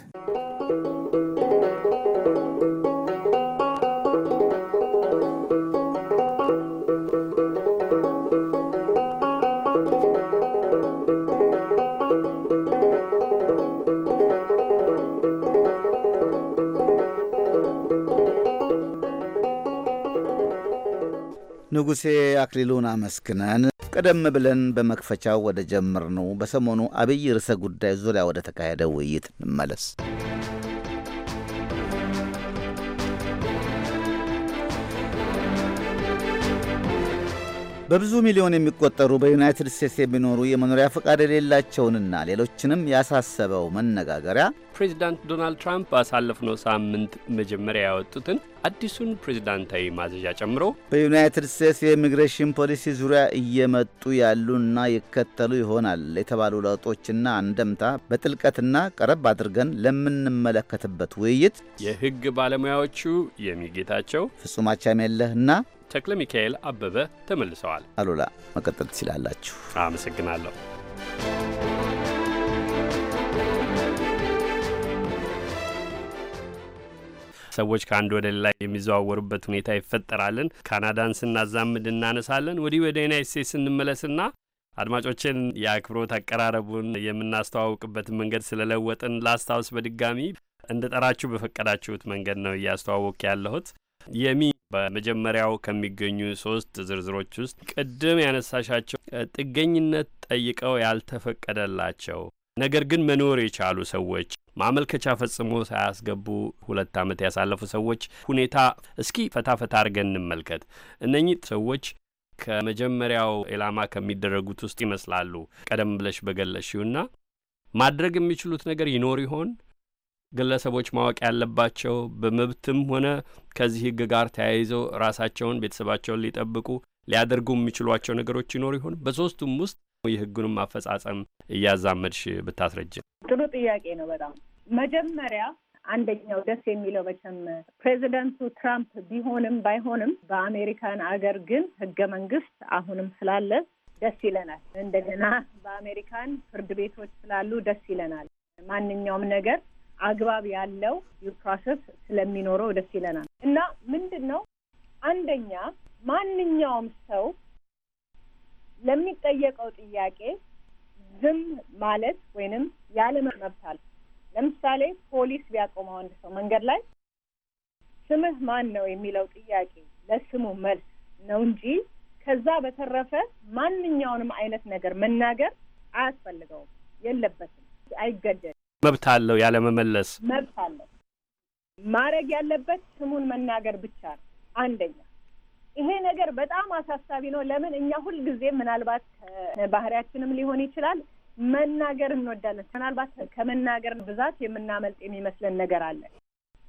ንጉሴ አክሊሉን አመስግነን ቀደም ብለን በመክፈቻው ወደ ጀመርነው በሰሞኑ አብይ ርዕሰ ጉዳይ ዙሪያ ወደ ተካሄደ ውይይት እንመለስ። በብዙ ሚሊዮን የሚቆጠሩ በዩናይትድ ስቴትስ የሚኖሩ የመኖሪያ ፈቃድ የሌላቸውንና ሌሎችንም ያሳሰበው መነጋገሪያ ፕሬዚዳንት ዶናልድ ትራምፕ ባሳለፍነው ሳምንት መጀመሪያ ያወጡትን አዲሱን ፕሬዚዳንታዊ ማዘዣ ጨምሮ በዩናይትድ ስቴትስ የኢሚግሬሽን ፖሊሲ ዙሪያ እየመጡ ያሉና ይከተሉ ይሆናል የተባሉ ለውጦችና አንደምታ በጥልቀትና ቀረብ አድርገን ለምንመለከትበት ውይይት የሕግ ባለሙያዎቹ የሚጌታቸው ፍጹም አቻሜለህና ተክለ ሚካኤል አበበ ተመልሰዋል። አሉላ መቀጠል ትችላላችሁ። አመሰግናለሁ። ሰዎች ከአንድ ወደ ሌላ የሚዘዋወሩበት ሁኔታ ይፈጠራልን። ካናዳን ስናዛምድ እናነሳለን። ወዲህ ወደ ዩናይት ስቴትስ ስንመለስና አድማጮችን የአክብሮት አቀራረቡን የምናስተዋውቅበትን መንገድ ስለለወጥን ላስታውስ በድጋሚ እንደ ጠራችሁ በፈቀዳችሁት መንገድ ነው እያስተዋወቅ ያለሁት። የሚ በመጀመሪያው ከሚገኙ ሶስት ዝርዝሮች ውስጥ ቅድም ያነሳሻቸው ጥገኝነት ጠይቀው ያልተፈቀደላቸው ነገር ግን መኖር የቻሉ ሰዎች ማመልከቻ ፈጽሞ ሳያስገቡ ሁለት ዓመት ያሳለፉ ሰዎች ሁኔታ እስኪ ፈታ ፈታ አድርገን እንመልከት። እነኚህ ሰዎች ከመጀመሪያው ኢላማ ከሚደረጉት ውስጥ ይመስላሉ። ቀደም ብለሽ በገለሽውና ማድረግ የሚችሉት ነገር ይኖር ይሆን? ግለሰቦች ማወቅ ያለባቸው በመብትም ሆነ ከዚህ ህግ ጋር ተያይዘው ራሳቸውን ቤተሰባቸውን ሊጠብቁ ሊያደርጉ የሚችሏቸው ነገሮች ይኖሩ ይሆን? በሶስቱም ውስጥ የህጉንም አፈጻጸም እያዛመድሽ ብታስረጅ። ጥሩ ጥያቄ ነው። በጣም መጀመሪያ አንደኛው ደስ የሚለው መቼም ፕሬዚደንቱ ትራምፕ ቢሆንም ባይሆንም በአሜሪካን አገር ግን ህገ መንግስት አሁንም ስላለ ደስ ይለናል። እንደገና በአሜሪካን ፍርድ ቤቶች ስላሉ ደስ ይለናል። ማንኛውም ነገር አግባብ ያለው ፕሮሰስ ስለሚኖረው ደስ ይለናል። እና ምንድን ነው አንደኛ ማንኛውም ሰው ለሚጠየቀው ጥያቄ ዝም ማለት ወይንም ያለ መብት አለ። ለምሳሌ ፖሊስ ቢያቆመው አንድ ሰው መንገድ ላይ ስምህ ማን ነው የሚለው ጥያቄ ለስሙ መልስ ነው እንጂ ከዛ በተረፈ ማንኛውንም አይነት ነገር መናገር አያስፈልገውም፣ የለበትም፣ አይገደድም። መብት አለው ያለመመለስ መብት አለው። ማድረግ ያለበት ስሙን መናገር ብቻ ነው። አንደኛ ይሄ ነገር በጣም አሳሳቢ ነው። ለምን እኛ ሁልጊዜ ምናልባት ባህሪያችንም ሊሆን ይችላል መናገር እንወዳለን። ምናልባት ከመናገር ብዛት የምናመልጥ የሚመስለን ነገር አለ።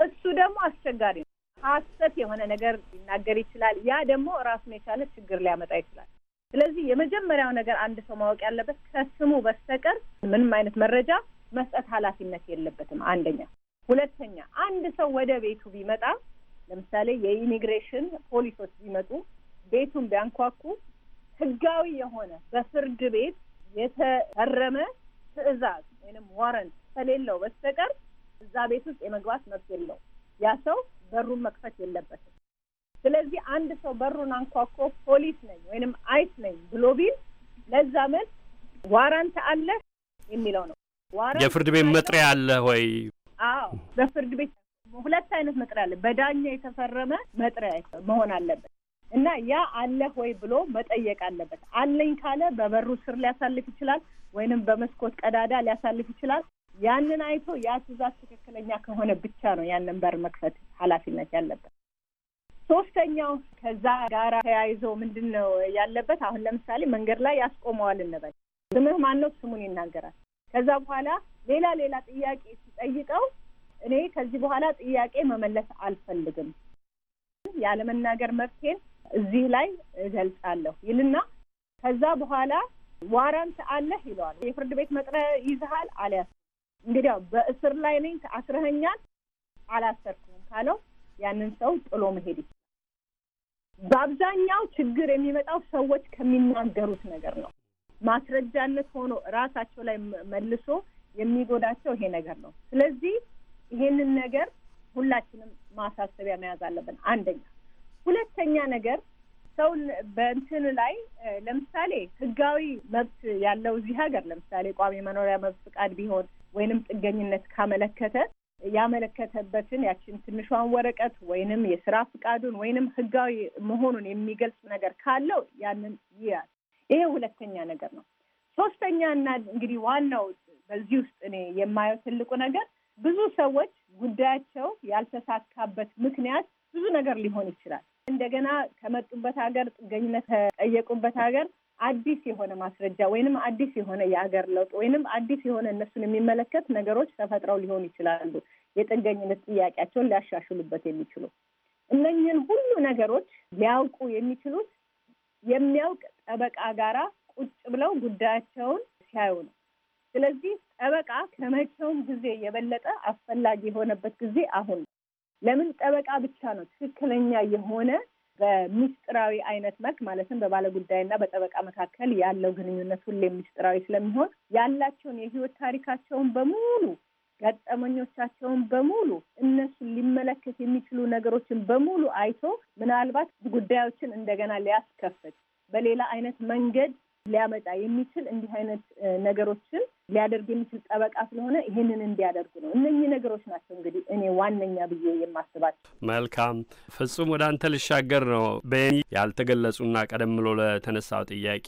እሱ ደግሞ አስቸጋሪ ነው። ሐሰት የሆነ ነገር ሊናገር ይችላል። ያ ደግሞ ራሱን የቻለ ችግር ሊያመጣ ይችላል። ስለዚህ የመጀመሪያው ነገር አንድ ሰው ማወቅ ያለበት ከስሙ በስተቀር ምንም አይነት መረጃ መስጠት ኃላፊነት የለበትም። አንደኛ። ሁለተኛ አንድ ሰው ወደ ቤቱ ቢመጣ ለምሳሌ የኢሚግሬሽን ፖሊሶች ቢመጡ ቤቱን ቢያንኳኩ ህጋዊ የሆነ በፍርድ ቤት የተፈረመ ትዕዛዝ ወይም ዋረንት ከሌለው በስተቀር እዛ ቤት ውስጥ የመግባት መብት የለው። ያ ሰው በሩን መክፈት የለበትም። ስለዚህ አንድ ሰው በሩን አንኳኮ ፖሊስ ነኝ ወይንም አይስ ነኝ ብሎ ቢል ለዛ መልስ ዋራንት አለ የሚለው ነው። የፍርድ ቤት መጥሪያ አለ ወይ? አዎ፣ በፍርድ ቤት ሁለት አይነት መጥሪያ አለ። በዳኛ የተፈረመ መጥሪያ መሆን አለበት እና ያ አለህ ወይ ብሎ መጠየቅ አለበት። አለኝ ካለ በበሩ ስር ሊያሳልፍ ይችላል፣ ወይንም በመስኮት ቀዳዳ ሊያሳልፍ ይችላል። ያንን አይቶ ያ ትዕዛዝ ትክክለኛ ከሆነ ብቻ ነው ያንን በር መክፈት ኃላፊነት ያለበት። ሶስተኛው ከዛ ጋራ ተያይዞ ምንድን ነው ያለበት? አሁን ለምሳሌ መንገድ ላይ ያስቆመዋል እንበል። ስምህ ማን ነው? ስሙን ይናገራል። ከዛ በኋላ ሌላ ሌላ ጥያቄ ሲጠይቀው እኔ ከዚህ በኋላ ጥያቄ መመለስ አልፈልግም፣ ያለመናገር መብቴን እዚህ ላይ እገልጻለሁ ይልና ከዛ በኋላ ዋራንት አለህ ይለዋል። የፍርድ ቤት መጥሪያ ይዘሃል? አልያዝኩም። እንግዲያ በእስር ላይ ነኝ አስረኸኛል፣ አላሰርኩም ካለው ያንን ሰው ጥሎ መሄድ ይችላል። በአብዛኛው ችግር የሚመጣው ሰዎች ከሚናገሩት ነገር ነው። ማስረጃነት ሆኖ ራሳቸው ላይ መልሶ የሚጎዳቸው ይሄ ነገር ነው። ስለዚህ ይሄንን ነገር ሁላችንም ማሳሰቢያ መያዝ አለብን። አንደኛ። ሁለተኛ ነገር ሰው በእንትን ላይ ለምሳሌ ህጋዊ መብት ያለው እዚህ ሀገር ለምሳሌ ቋሚ መኖሪያ መብት ፍቃድ ቢሆን ወይንም ጥገኝነት ካመለከተ ያመለከተበትን ያችን ትንሿን ወረቀት ወይንም የስራ ፍቃዱን ወይንም ህጋዊ መሆኑን የሚገልጽ ነገር ካለው ያንን ይያል ይሄ ሁለተኛ ነገር ነው። ሶስተኛ እና እንግዲህ ዋናው በዚህ ውስጥ እኔ የማየው ትልቁ ነገር ብዙ ሰዎች ጉዳያቸው ያልተሳካበት ምክንያት ብዙ ነገር ሊሆን ይችላል። እንደገና ከመጡበት ሀገር ጥገኝነት ከጠየቁበት ሀገር አዲስ የሆነ ማስረጃ ወይንም አዲስ የሆነ የሀገር ለውጥ ወይንም አዲስ የሆነ እነሱን የሚመለከት ነገሮች ተፈጥረው ሊሆኑ ይችላሉ። የጥገኝነት ጥያቄያቸውን ሊያሻሽሉበት የሚችሉ እነኝህን ሁሉ ነገሮች ሊያውቁ የሚችሉት የሚያውቅ ጠበቃ ጋራ ቁጭ ብለው ጉዳያቸውን ሲያዩ ነው። ስለዚህ ጠበቃ ከመቼውም ጊዜ የበለጠ አስፈላጊ የሆነበት ጊዜ አሁን ነው። ለምን ጠበቃ ብቻ ነው ትክክለኛ የሆነ በሚስጥራዊ አይነት መልክ ማለትም በባለ ጉዳይና በጠበቃ መካከል ያለው ግንኙነት ሁሌ ሚስጥራዊ ስለሚሆን ያላቸውን የህይወት ታሪካቸውን በሙሉ ገጠመኞቻቸውን በሙሉ እነሱን ሊመለከት የሚችሉ ነገሮችን በሙሉ አይቶ ምናልባት ጉዳዮችን እንደገና ሊያስከፍት በሌላ አይነት መንገድ ሊያመጣ የሚችል እንዲህ አይነት ነገሮችን ሊያደርግ የሚችል ጠበቃ ስለሆነ ይህንን እንዲያደርጉ ነው። እነኚህ ነገሮች ናቸው እንግዲህ እኔ ዋነኛ ብዬ የማስባቸው። መልካም ፍጹም፣ ወደ አንተ ልሻገር ነው። በኒ ያልተገለጹና ቀደም ብሎ ለተነሳው ጥያቄ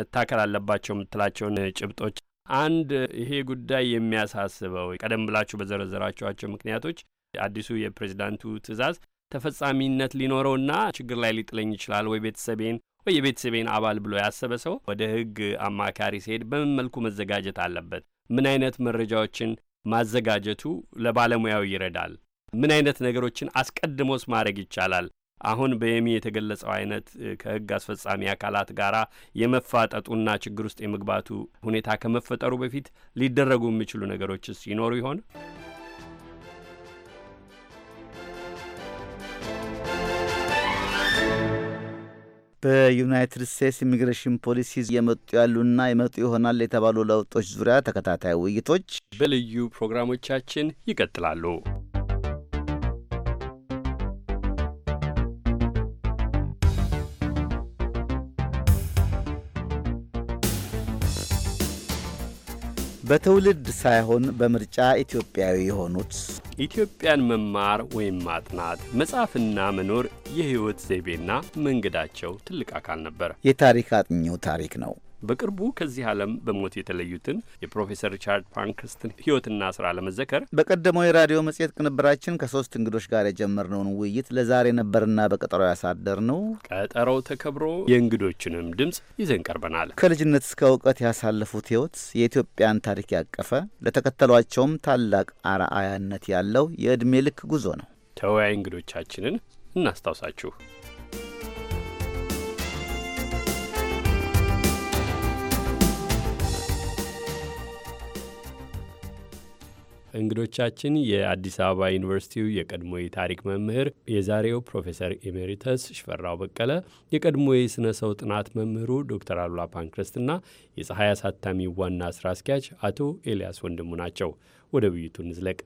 መታከል አለባቸው የምትላቸውን ጭብጦች አንድ ይሄ ጉዳይ የሚያሳስበው ቀደም ብላችሁ በዘረዘራችኋቸው ምክንያቶች አዲሱ የፕሬዚዳንቱ ትዕዛዝ ተፈጻሚነት ሊኖረውና ችግር ላይ ሊጥለኝ ይችላል ወይ ቤተሰቤን ወይ የቤተሰቤን አባል ብሎ ያሰበ ሰው ወደ ህግ አማካሪ ሲሄድ በምን መልኩ መዘጋጀት አለበት? ምን አይነት መረጃዎችን ማዘጋጀቱ ለባለሙያው ይረዳል? ምን አይነት ነገሮችን አስቀድሞስ ማድረግ ይቻላል? አሁን በየሚ የተገለጸው አይነት ከህግ አስፈጻሚ አካላት ጋራ የመፋጠጡና ችግር ውስጥ የመግባቱ ሁኔታ ከመፈጠሩ በፊት ሊደረጉ የሚችሉ ነገሮችስ ይኖሩ ይሆን? በዩናይትድ ስቴትስ ኢሚግሬሽን ፖሊሲ የመጡ ያሉና የመጡ ይሆናል የተባሉ ለውጦች ዙሪያ ተከታታይ ውይይቶች በልዩ ፕሮግራሞቻችን ይቀጥላሉ። በትውልድ ሳይሆን በምርጫ ኢትዮጵያዊ የሆኑት ኢትዮጵያን መማር ወይም ማጥናት መጻፍና መኖር የሕይወት ዘይቤና መንገዳቸው ትልቅ አካል ነበር። የታሪክ አጥኚው ታሪክ ነው። በቅርቡ ከዚህ ዓለም በሞት የተለዩትን የፕሮፌሰር ሪቻርድ ፓንክስትን ሕይወትና ስራ ለመዘከር በቀደመው የራዲዮ መጽሔት ቅንብራችን ከሶስት እንግዶች ጋር የጀመርነውን ውይይት ለዛሬ ነበርና በቀጠሮ ያሳደር ነው። ቀጠሮው ተከብሮ የእንግዶችንም ድምፅ ይዘን ቀርበናል። ከልጅነት እስከ እውቀት ያሳለፉት ሕይወት የኢትዮጵያን ታሪክ ያቀፈ ለተከተሏቸውም ታላቅ አርአያነት ያለው የዕድሜ ልክ ጉዞ ነው። ተወያይ እንግዶቻችንን እናስታውሳችሁ። እንግዶቻችን የአዲስ አበባ ዩኒቨርሲቲው የቀድሞ የታሪክ መምህር የዛሬው ፕሮፌሰር ኤሜሪተስ ሽፈራው በቀለ፣ የቀድሞ የሥነ ሰው ጥናት መምህሩ ዶክተር አሉላ ፓንክረስትና የፀሐይ አሳታሚ ዋና ሥራ አስኪያጅ አቶ ኤልያስ ወንድሙ ናቸው። ወደ ውይይቱ እንዝለቅ።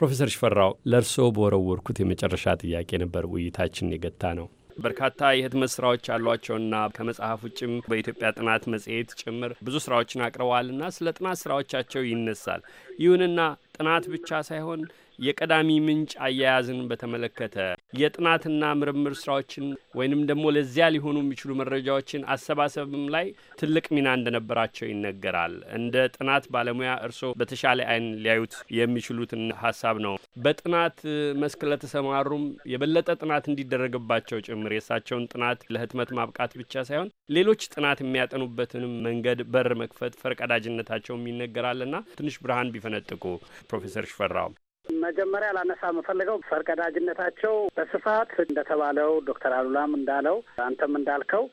ፕሮፌሰር ሽፈራው ለእርስዎ በወረወርኩት የመጨረሻ ጥያቄ ነበር ውይይታችን የገታ ነው። በርካታ የህትመት ስራዎች ያሏቸውና ከመጽሐፍ ውጭም በኢትዮጵያ ጥናት መጽሔት ጭምር ብዙ ስራዎችን አቅርበዋልና ስለ ጥናት ስራዎቻቸው ይነሳል። ይሁንና ጥናት ብቻ ሳይሆን የቀዳሚ ምንጭ አያያዝን በተመለከተ የጥናትና ምርምር ስራዎችን ወይንም ደግሞ ለዚያ ሊሆኑ የሚችሉ መረጃዎችን አሰባሰብም ላይ ትልቅ ሚና እንደነበራቸው ይነገራል። እንደ ጥናት ባለሙያ እርስዎ በተሻለ አይን ሊያዩት የሚችሉትን ሀሳብ ነው። በጥናት መስክ ለተሰማሩም የበለጠ ጥናት እንዲደረግባቸው ጭምር የእሳቸውን ጥናት ለህትመት ማብቃት ብቻ ሳይሆን ሌሎች ጥናት የሚያጠኑበትንም መንገድ በር መክፈት ፈርቀዳጅነታቸውም ይነገራልና ትንሽ ብርሃን ቢፈነጥቁ ፕሮፌሰር ሽፈራው መጀመሪያ ላነሳ የምፈልገው ፈርቀዳጅነታቸው በስፋት እንደተባለው ዶክተር አሉላም እንዳለው አንተም እንዳልከው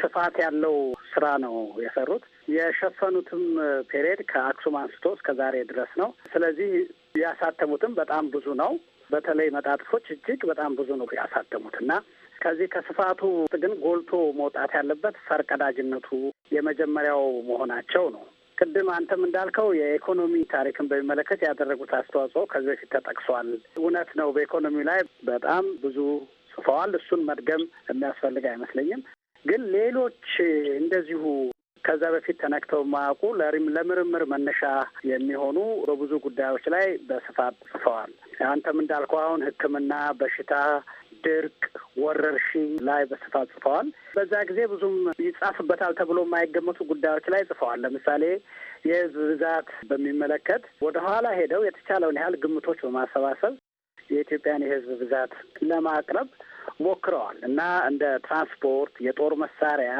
ስፋት ያለው ስራ ነው የሰሩት። የሸፈኑትም ፔሬድ ከአክሱም አንስቶ እስከ ዛሬ ድረስ ነው። ስለዚህ ያሳተሙትም በጣም ብዙ ነው። በተለይ መጣጥፎች እጅግ በጣም ብዙ ነው ያሳተሙት እና ከዚህ ከስፋቱ ግን ጎልቶ መውጣት ያለበት ፈርቀዳጅነቱ የመጀመሪያው መሆናቸው ነው። ቅድም አንተም እንዳልከው የኢኮኖሚ ታሪክን በሚመለከት ያደረጉት አስተዋጽኦ ከዚህ በፊት ተጠቅሷል። እውነት ነው። በኢኮኖሚው ላይ በጣም ብዙ ጽፈዋል። እሱን መድገም የሚያስፈልግ አይመስለኝም። ግን ሌሎች እንደዚሁ ከዛ በፊት ተነክተው የማያውቁ ለምርምር መነሻ የሚሆኑ በብዙ ጉዳዮች ላይ በስፋት ጽፈዋል። አንተም እንዳልከው አሁን ሕክምና፣ በሽታ ድርቅ፣ ወረርሽኝ ላይ በስፋት ጽፈዋል። በዛ ጊዜ ብዙም ይጻፍበታል ተብሎ የማይገመቱ ጉዳዮች ላይ ጽፈዋል። ለምሳሌ የህዝብ ብዛት በሚመለከት ወደኋላ ሄደው የተቻለውን ያህል ግምቶች በማሰባሰብ የኢትዮጵያን የህዝብ ብዛት ለማቅረብ ሞክረዋል እና እንደ ትራንስፖርት፣ የጦር መሳሪያ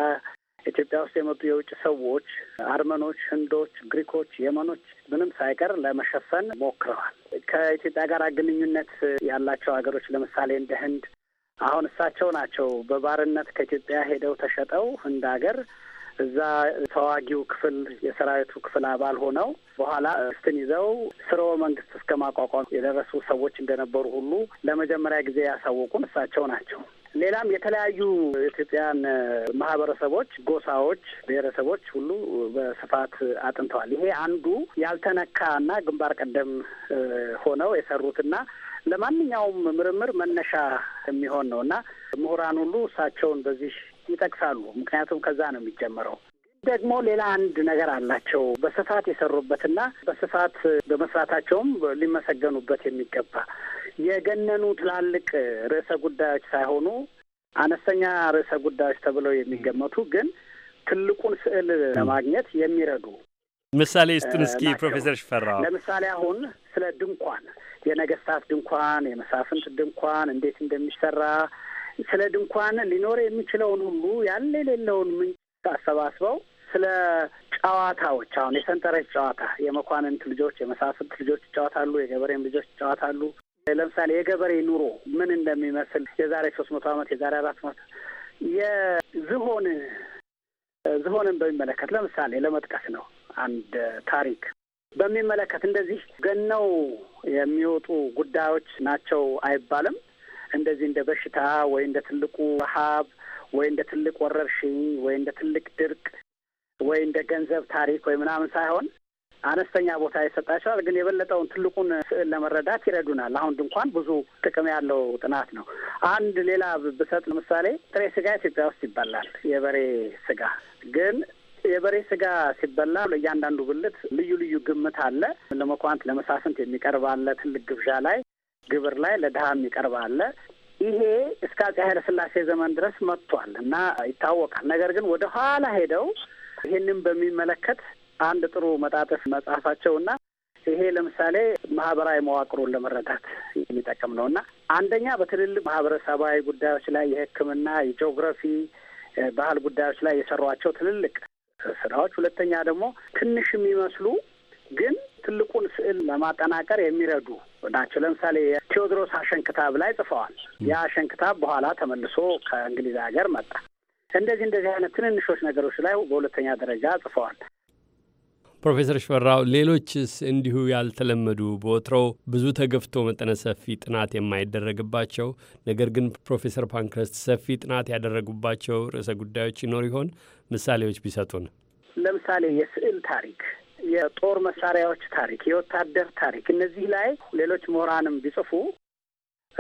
ኢትዮጵያ ውስጥ የመጡ የውጭ ሰዎች አርመኖች፣ ህንዶች፣ ግሪኮች፣ የመኖች ምንም ሳይቀር ለመሸፈን ሞክረዋል። ከኢትዮጵያ ጋር ግንኙነት ያላቸው ሀገሮች ለምሳሌ እንደ ህንድ አሁን እሳቸው ናቸው በባርነት ከኢትዮጵያ ሄደው ተሸጠው ህንድ ሀገር እዛ ተዋጊው ክፍል የሰራዊቱ ክፍል አባል ሆነው በኋላ ስትን ይዘው ስርወ መንግስት እስከ ማቋቋም የደረሱ ሰዎች እንደነበሩ ሁሉ ለመጀመሪያ ጊዜ ያሳወቁን እሳቸው ናቸው። ሌላም የተለያዩ ኢትዮጵያን ማህበረሰቦች፣ ጎሳዎች፣ ብሔረሰቦች ሁሉ በስፋት አጥንተዋል። ይሄ አንዱ ያልተነካ እና ግንባር ቀደም ሆነው የሰሩትና ለማንኛውም ምርምር መነሻ የሚሆን ነው እና ምሁራን ሁሉ እሳቸውን በዚህ ይጠቅሳሉ። ምክንያቱም ከዛ ነው የሚጀመረው። ደግሞ ሌላ አንድ ነገር አላቸው በስፋት የሰሩበትና በስፋት በመስራታቸውም ሊመሰገኑበት የሚገባ የገነኑ ትላልቅ ርዕሰ ጉዳዮች ሳይሆኑ አነስተኛ ርዕሰ ጉዳዮች ተብለው የሚገመቱ ግን ትልቁን ስዕል ለማግኘት የሚረዱ ምሳሌ ስጡን እስኪ ፕሮፌሰር ሽፈራ። ለምሳሌ አሁን ስለ ድንኳን፣ የነገስታት ድንኳን፣ የመሳፍንት ድንኳን እንዴት እንደሚሰራ ስለ ድንኳን ሊኖር የሚችለውን ሁሉ ያለ የሌለውን ምንጭ አሰባስበው ስለ ጨዋታዎች አሁን የሰንጠረዥ ጨዋታ የመኳንንት ልጆች የመሳፍንት ልጆች ይጫወታሉ፣ የገበሬም ልጆች ይጫወታሉ። ለምሳሌ የገበሬ ኑሮ ምን እንደሚመስል የዛሬ ሶስት መቶ አመት የዛሬ አራት መቶ የዝሆን ዝሆንን በሚመለከት ለምሳሌ ለመጥቀስ ነው አንድ ታሪክ በሚመለከት እንደዚህ ገነው የሚወጡ ጉዳዮች ናቸው አይባልም። እንደዚህ እንደ በሽታ ወይ እንደ ትልቁ ረሃብ ወይ እንደ ትልቅ ወረርሽኝ ወይ እንደ ትልቅ ድርቅ ወይ እንደ ገንዘብ ታሪክ ወይ ምናምን ሳይሆን አነስተኛ ቦታ ይሰጣቸዋል፣ ግን የበለጠውን ትልቁን ስዕል ለመረዳት ይረዱናል። አሁን ድንኳን ብዙ ጥቅም ያለው ጥናት ነው። አንድ ሌላ ብሰጥ ለምሳሌ ጥሬ ስጋ ኢትዮጵያ ውስጥ ይበላል። የበሬ ስጋ ግን የበሬ ስጋ ሲበላ ለእያንዳንዱ ብልት ልዩ ልዩ ግምት አለ። ለመኳንት ለመሳፍንት የሚቀርብ አለ። ትልቅ ግብዣ ላይ ግብር ላይ ለድሀ የሚቀርብ አለ። ይሄ እስከ አጼ ኃይለ ሥላሴ ዘመን ድረስ መጥቷል እና ይታወቃል። ነገር ግን ወደ ኋላ ሄደው ይህንም በሚመለከት አንድ ጥሩ መጣጥፍ መጽሐፋቸው እና ይሄ ለምሳሌ ማህበራዊ መዋቅሩን ለመረዳት የሚጠቅም ነው እና አንደኛ በትልልቅ ማህበረሰባዊ ጉዳዮች ላይ የሕክምና፣ የጂኦግራፊ፣ ባህል ጉዳዮች ላይ የሰሯቸው ትልልቅ ስራዎች፣ ሁለተኛ ደግሞ ትንሽ የሚመስሉ ግን ትልቁን ስዕል ለማጠናቀር የሚረዱ ናቸው። ለምሳሌ የቴዎድሮስ አሸንክታብ ላይ ጽፈዋል። ያ አሸንክታብ በኋላ ተመልሶ ከእንግሊዝ ሀገር መጣ። እንደዚህ እንደዚህ አይነት ትንንሾች ነገሮች ላይ በሁለተኛ ደረጃ ጽፈዋል። ፕሮፌሰር ሽፈራው ሌሎችስ እንዲሁ ያልተለመዱ በወትሮው ብዙ ተገፍቶ መጠነ ሰፊ ጥናት የማይደረግባቸው ነገር ግን ፕሮፌሰር ፓንክረስት ሰፊ ጥናት ያደረጉባቸው ርዕሰ ጉዳዮች ይኖር ይሆን? ምሳሌዎች ቢሰጡን። ለምሳሌ የስዕል ታሪክ፣ የጦር መሳሪያዎች ታሪክ፣ የወታደር ታሪክ፣ እነዚህ ላይ ሌሎች ምሁራንም ቢጽፉ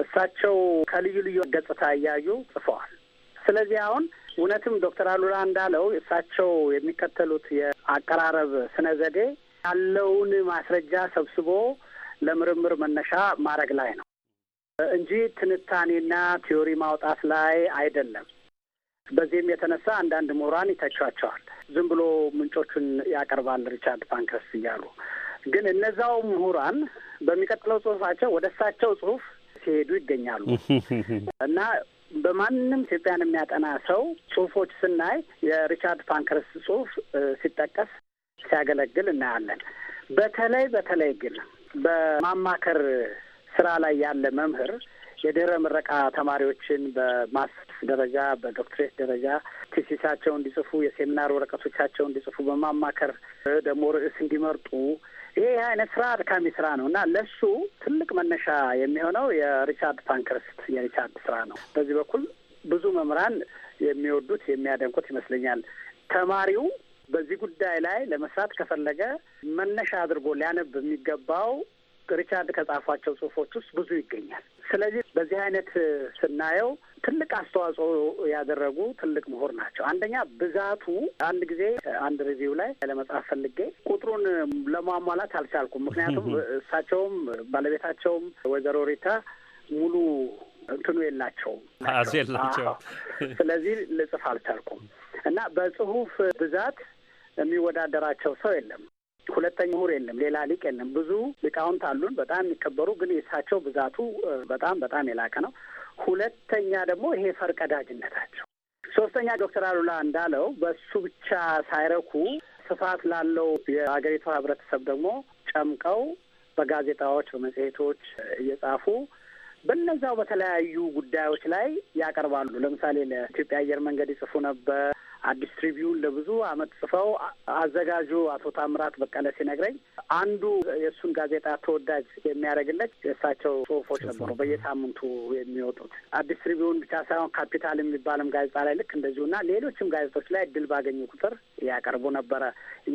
እሳቸው ከልዩ ልዩ ገጽታ እያዩ ጽፈዋል። ስለዚህ አሁን እውነትም ዶክተር አሉላ እንዳለው እሳቸው የሚከተሉት የአቀራረብ ስነ ዘዴ ያለውን ማስረጃ ሰብስቦ ለምርምር መነሻ ማድረግ ላይ ነው እንጂ ትንታኔና ቲዮሪ ማውጣት ላይ አይደለም። በዚህም የተነሳ አንዳንድ ምሁራን ይተቿቸዋል። ዝም ብሎ ምንጮቹን ያቀርባል ሪቻርድ ፓንከስ እያሉ ግን እነዛው ምሁራን በሚቀጥለው ጽሁፋቸው ወደ እሳቸው ጽሁፍ ሲሄዱ ይገኛሉ እና በማንም ኢትዮጵያን የሚያጠና ሰው ጽሁፎች ስናይ የሪቻርድ ፓንክረስ ጽሁፍ ሲጠቀስ ሲያገለግል እናያለን። በተለይ በተለይ ግን በማማከር ስራ ላይ ያለ መምህር የድህረ ምረቃ ተማሪዎችን በማስተርስ ደረጃ በዶክትሬት ደረጃ ቲሲሳቸው እንዲጽፉ የሴሚናር ወረቀቶቻቸው እንዲጽፉ በማማከር ደግሞ ርዕስ እንዲመርጡ ይህ አይነት ስራ አድካሚ ስራ ነው እና ለሱ ትልቅ መነሻ የሚሆነው የሪቻርድ ፓንክርስት የሪቻርድ ስራ ነው። በዚህ በኩል ብዙ መምህራን የሚወዱት የሚያደንቁት ይመስለኛል። ተማሪው በዚህ ጉዳይ ላይ ለመስራት ከፈለገ መነሻ አድርጎ ሊያነብ የሚገባው ሪቻርድ ከጻፏቸው ጽሁፎች ውስጥ ብዙ ይገኛል። ስለዚህ በዚህ አይነት ስናየው ትልቅ አስተዋጽኦ ያደረጉ ትልቅ ምሁር ናቸው። አንደኛ ብዛቱ አንድ ጊዜ አንድ ሪቪው ላይ ለመጽሐፍ ፈልጌ ቁጥሩን ለማሟላት አልቻልኩም። ምክንያቱም እሳቸውም ባለቤታቸውም ወይዘሮ ሪታ ሙሉ እንትኑ የላቸውም የላቸው። ስለዚህ ልጽፍ አልቻልኩም እና በጽሁፍ ብዛት የሚወዳደራቸው ሰው የለም። ሁለተኛ ምሁር የለም። ሌላ ሊቅ የለም። ብዙ ሊቃውንት አሉን በጣም የሚከበሩ ግን የእሳቸው ብዛቱ በጣም በጣም የላቀ ነው። ሁለተኛ ደግሞ ይሄ ፈርቀዳጅነታቸው፣ ሶስተኛ ዶክተር አሉላ እንዳለው በሱ ብቻ ሳይረኩ ስፋት ላለው የሀገሪቷ ህብረተሰብ ደግሞ ጨምቀው በጋዜጣዎች በመጽሔቶች እየጻፉ በነዛው በተለያዩ ጉዳዮች ላይ ያቀርባሉ። ለምሳሌ ለኢትዮጵያ አየር መንገድ ይጽፉ ነበር። አዲስ ትሪቢዩን ለብዙ አመት ጽፈው አዘጋጁ አቶ ታምራት በቀለ ሲነግረኝ አንዱ የእሱን ጋዜጣ ተወዳጅ የሚያደርግለት የእሳቸው ጽሁፎች ነበሩ። በየሳምንቱ የሚወጡት አዲስ ትሪቢዩን ብቻ ሳይሆን ካፒታል የሚባልም ጋዜጣ ላይ ልክ እንደዚሁ እና ሌሎችም ጋዜጦች ላይ እድል ባገኙ ቁጥር ያቀርቡ ነበረ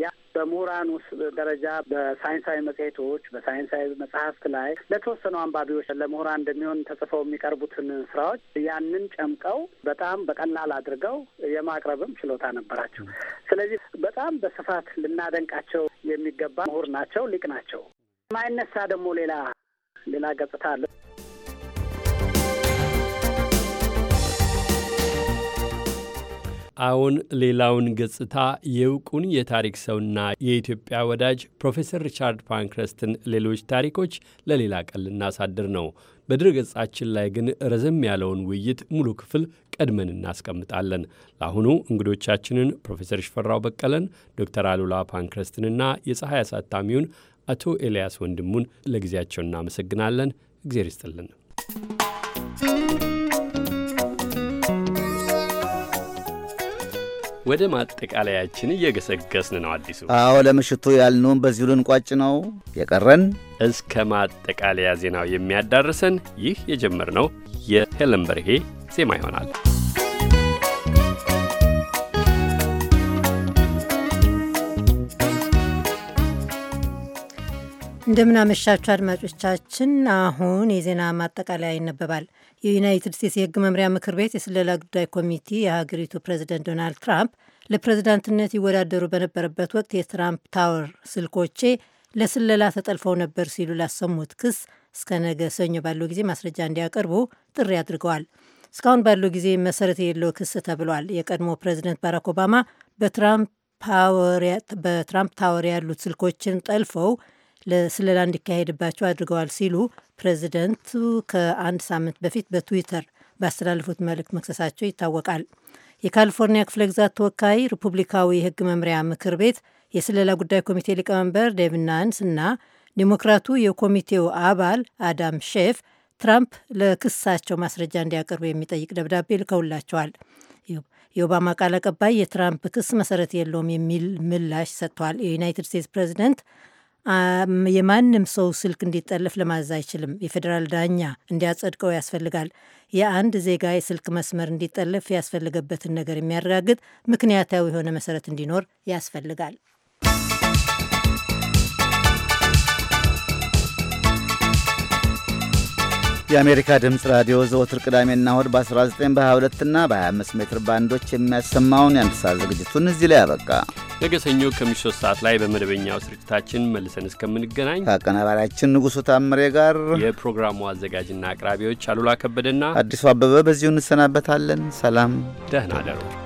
ያ በምሁራን ውስጥ ደረጃ በሳይንሳዊ መጽሄቶች በሳይንሳዊ መጽሐፍት ላይ ለተወሰኑ አንባቢዎች ለምሁራን እንደሚሆን ተጽፈው የሚቀርቡትን ስራዎች ያንን ጨምቀው በጣም በቀላል አድርገው የማቅረብም ችሎታ ነበራቸው። ስለዚህ በጣም በስፋት ልናደንቃቸው የሚገባ ምሁር ናቸው፣ ሊቅ ናቸው። ማይነሳ ደግሞ ሌላ ሌላ ገጽታ አለ። አዎን፣ ሌላውን ገጽታ የእውቁን የታሪክ ሰውና የኢትዮጵያ ወዳጅ ፕሮፌሰር ሪቻርድ ፓንክረስትን ሌሎች ታሪኮች ለሌላ ቀን ልናሳድር ነው። በድረ ገጻችን ላይ ግን ረዘም ያለውን ውይይት ሙሉ ክፍል ቀድመን እናስቀምጣለን። ለአሁኑ እንግዶቻችንን ፕሮፌሰር ሽፈራው በቀለን፣ ዶክተር አሉላ ፓንክረስትንና የፀሐይ አሳታሚውን አቶ ኤልያስ ወንድሙን ለጊዜያቸው እናመሰግናለን። እግዜር ይስጥልን። ወደ ማጠቃለያችን እየገሰገስን ነው። አዲሱ አዎ፣ ለምሽቱ ያልነውን በዚሁ ልንቋጭ ነው። የቀረን እስከ ማጠቃለያ ዜናው የሚያዳርሰን ይህ የጀመርነው የሄለን በርሄ ዜማ ይሆናል። እንደምናመሻችሁ አድማጮቻችን፣ አሁን የዜና ማጠቃለያ ይነበባል። የዩናይትድ ስቴትስ የህግ መምሪያ ምክር ቤት የስለላ ጉዳይ ኮሚቴ የሀገሪቱ ፕሬዚደንት ዶናልድ ትራምፕ ለፕሬዚዳንትነት ይወዳደሩ በነበረበት ወቅት የትራምፕ ታወር ስልኮቼ ለስለላ ተጠልፈው ነበር ሲሉ ላሰሙት ክስ እስከ ነገ ሰኞ ባለው ጊዜ ማስረጃ እንዲያቀርቡ ጥሪ አድርገዋል። እስካሁን ባለው ጊዜ መሰረት የሌለው ክስ ተብሏል። የቀድሞ ፕሬዚደንት ባራክ ኦባማ በትራምፕ ታወር ያሉት ስልኮችን ጠልፈው ለስለላ እንዲካሄድባቸው አድርገዋል ሲሉ ፕሬዚደንቱ ከአንድ ሳምንት በፊት በትዊተር ባስተላለፉት መልእክት መክሰሳቸው ይታወቃል። የካሊፎርኒያ ክፍለ ግዛት ተወካይ ሪፑብሊካዊ የህግ መምሪያ ምክር ቤት የስለላ ጉዳይ ኮሚቴ ሊቀመንበር ዴቪድ ናንስ እና ዴሞክራቱ የኮሚቴው አባል አዳም ሼፍ ትራምፕ ለክሳቸው ማስረጃ እንዲያቀርቡ የሚጠይቅ ደብዳቤ ልከውላቸዋል። የኦባማ ቃል አቀባይ የትራምፕ ክስ መሰረት የለውም የሚል ምላሽ ሰጥቷል። የዩናይትድ ስቴትስ ፕሬዚደንት የማንም ሰው ስልክ እንዲጠለፍ ለማዘዝ አይችልም። የፌዴራል ዳኛ እንዲያጸድቀው ያስፈልጋል። የአንድ ዜጋ የስልክ መስመር እንዲጠለፍ ያስፈልገበትን ነገር የሚያረጋግጥ ምክንያታዊ የሆነ መሰረት እንዲኖር ያስፈልጋል። የአሜሪካ ድምፅ ራዲዮ ዘወትር ቅዳሜና እሁድ በ19 በ22 እና በ25 ሜትር ባንዶች የሚያሰማውን የአንድ ሰዓት ዝግጅቱን እዚህ ላይ ያበቃ። ነገ ሰኞ ከምሽቱ ሶስት ሰዓት ላይ በመደበኛው ስርጭታችን መልሰን እስከምንገናኝ ከአቀናባሪያችን ንጉሱ ታምሬ ጋር የፕሮግራሙ አዘጋጅና አቅራቢዎች አሉላ ከበደና አዲሱ አበበ በዚሁ እንሰናበታለን። ሰላም፣ ደህና ደሩ።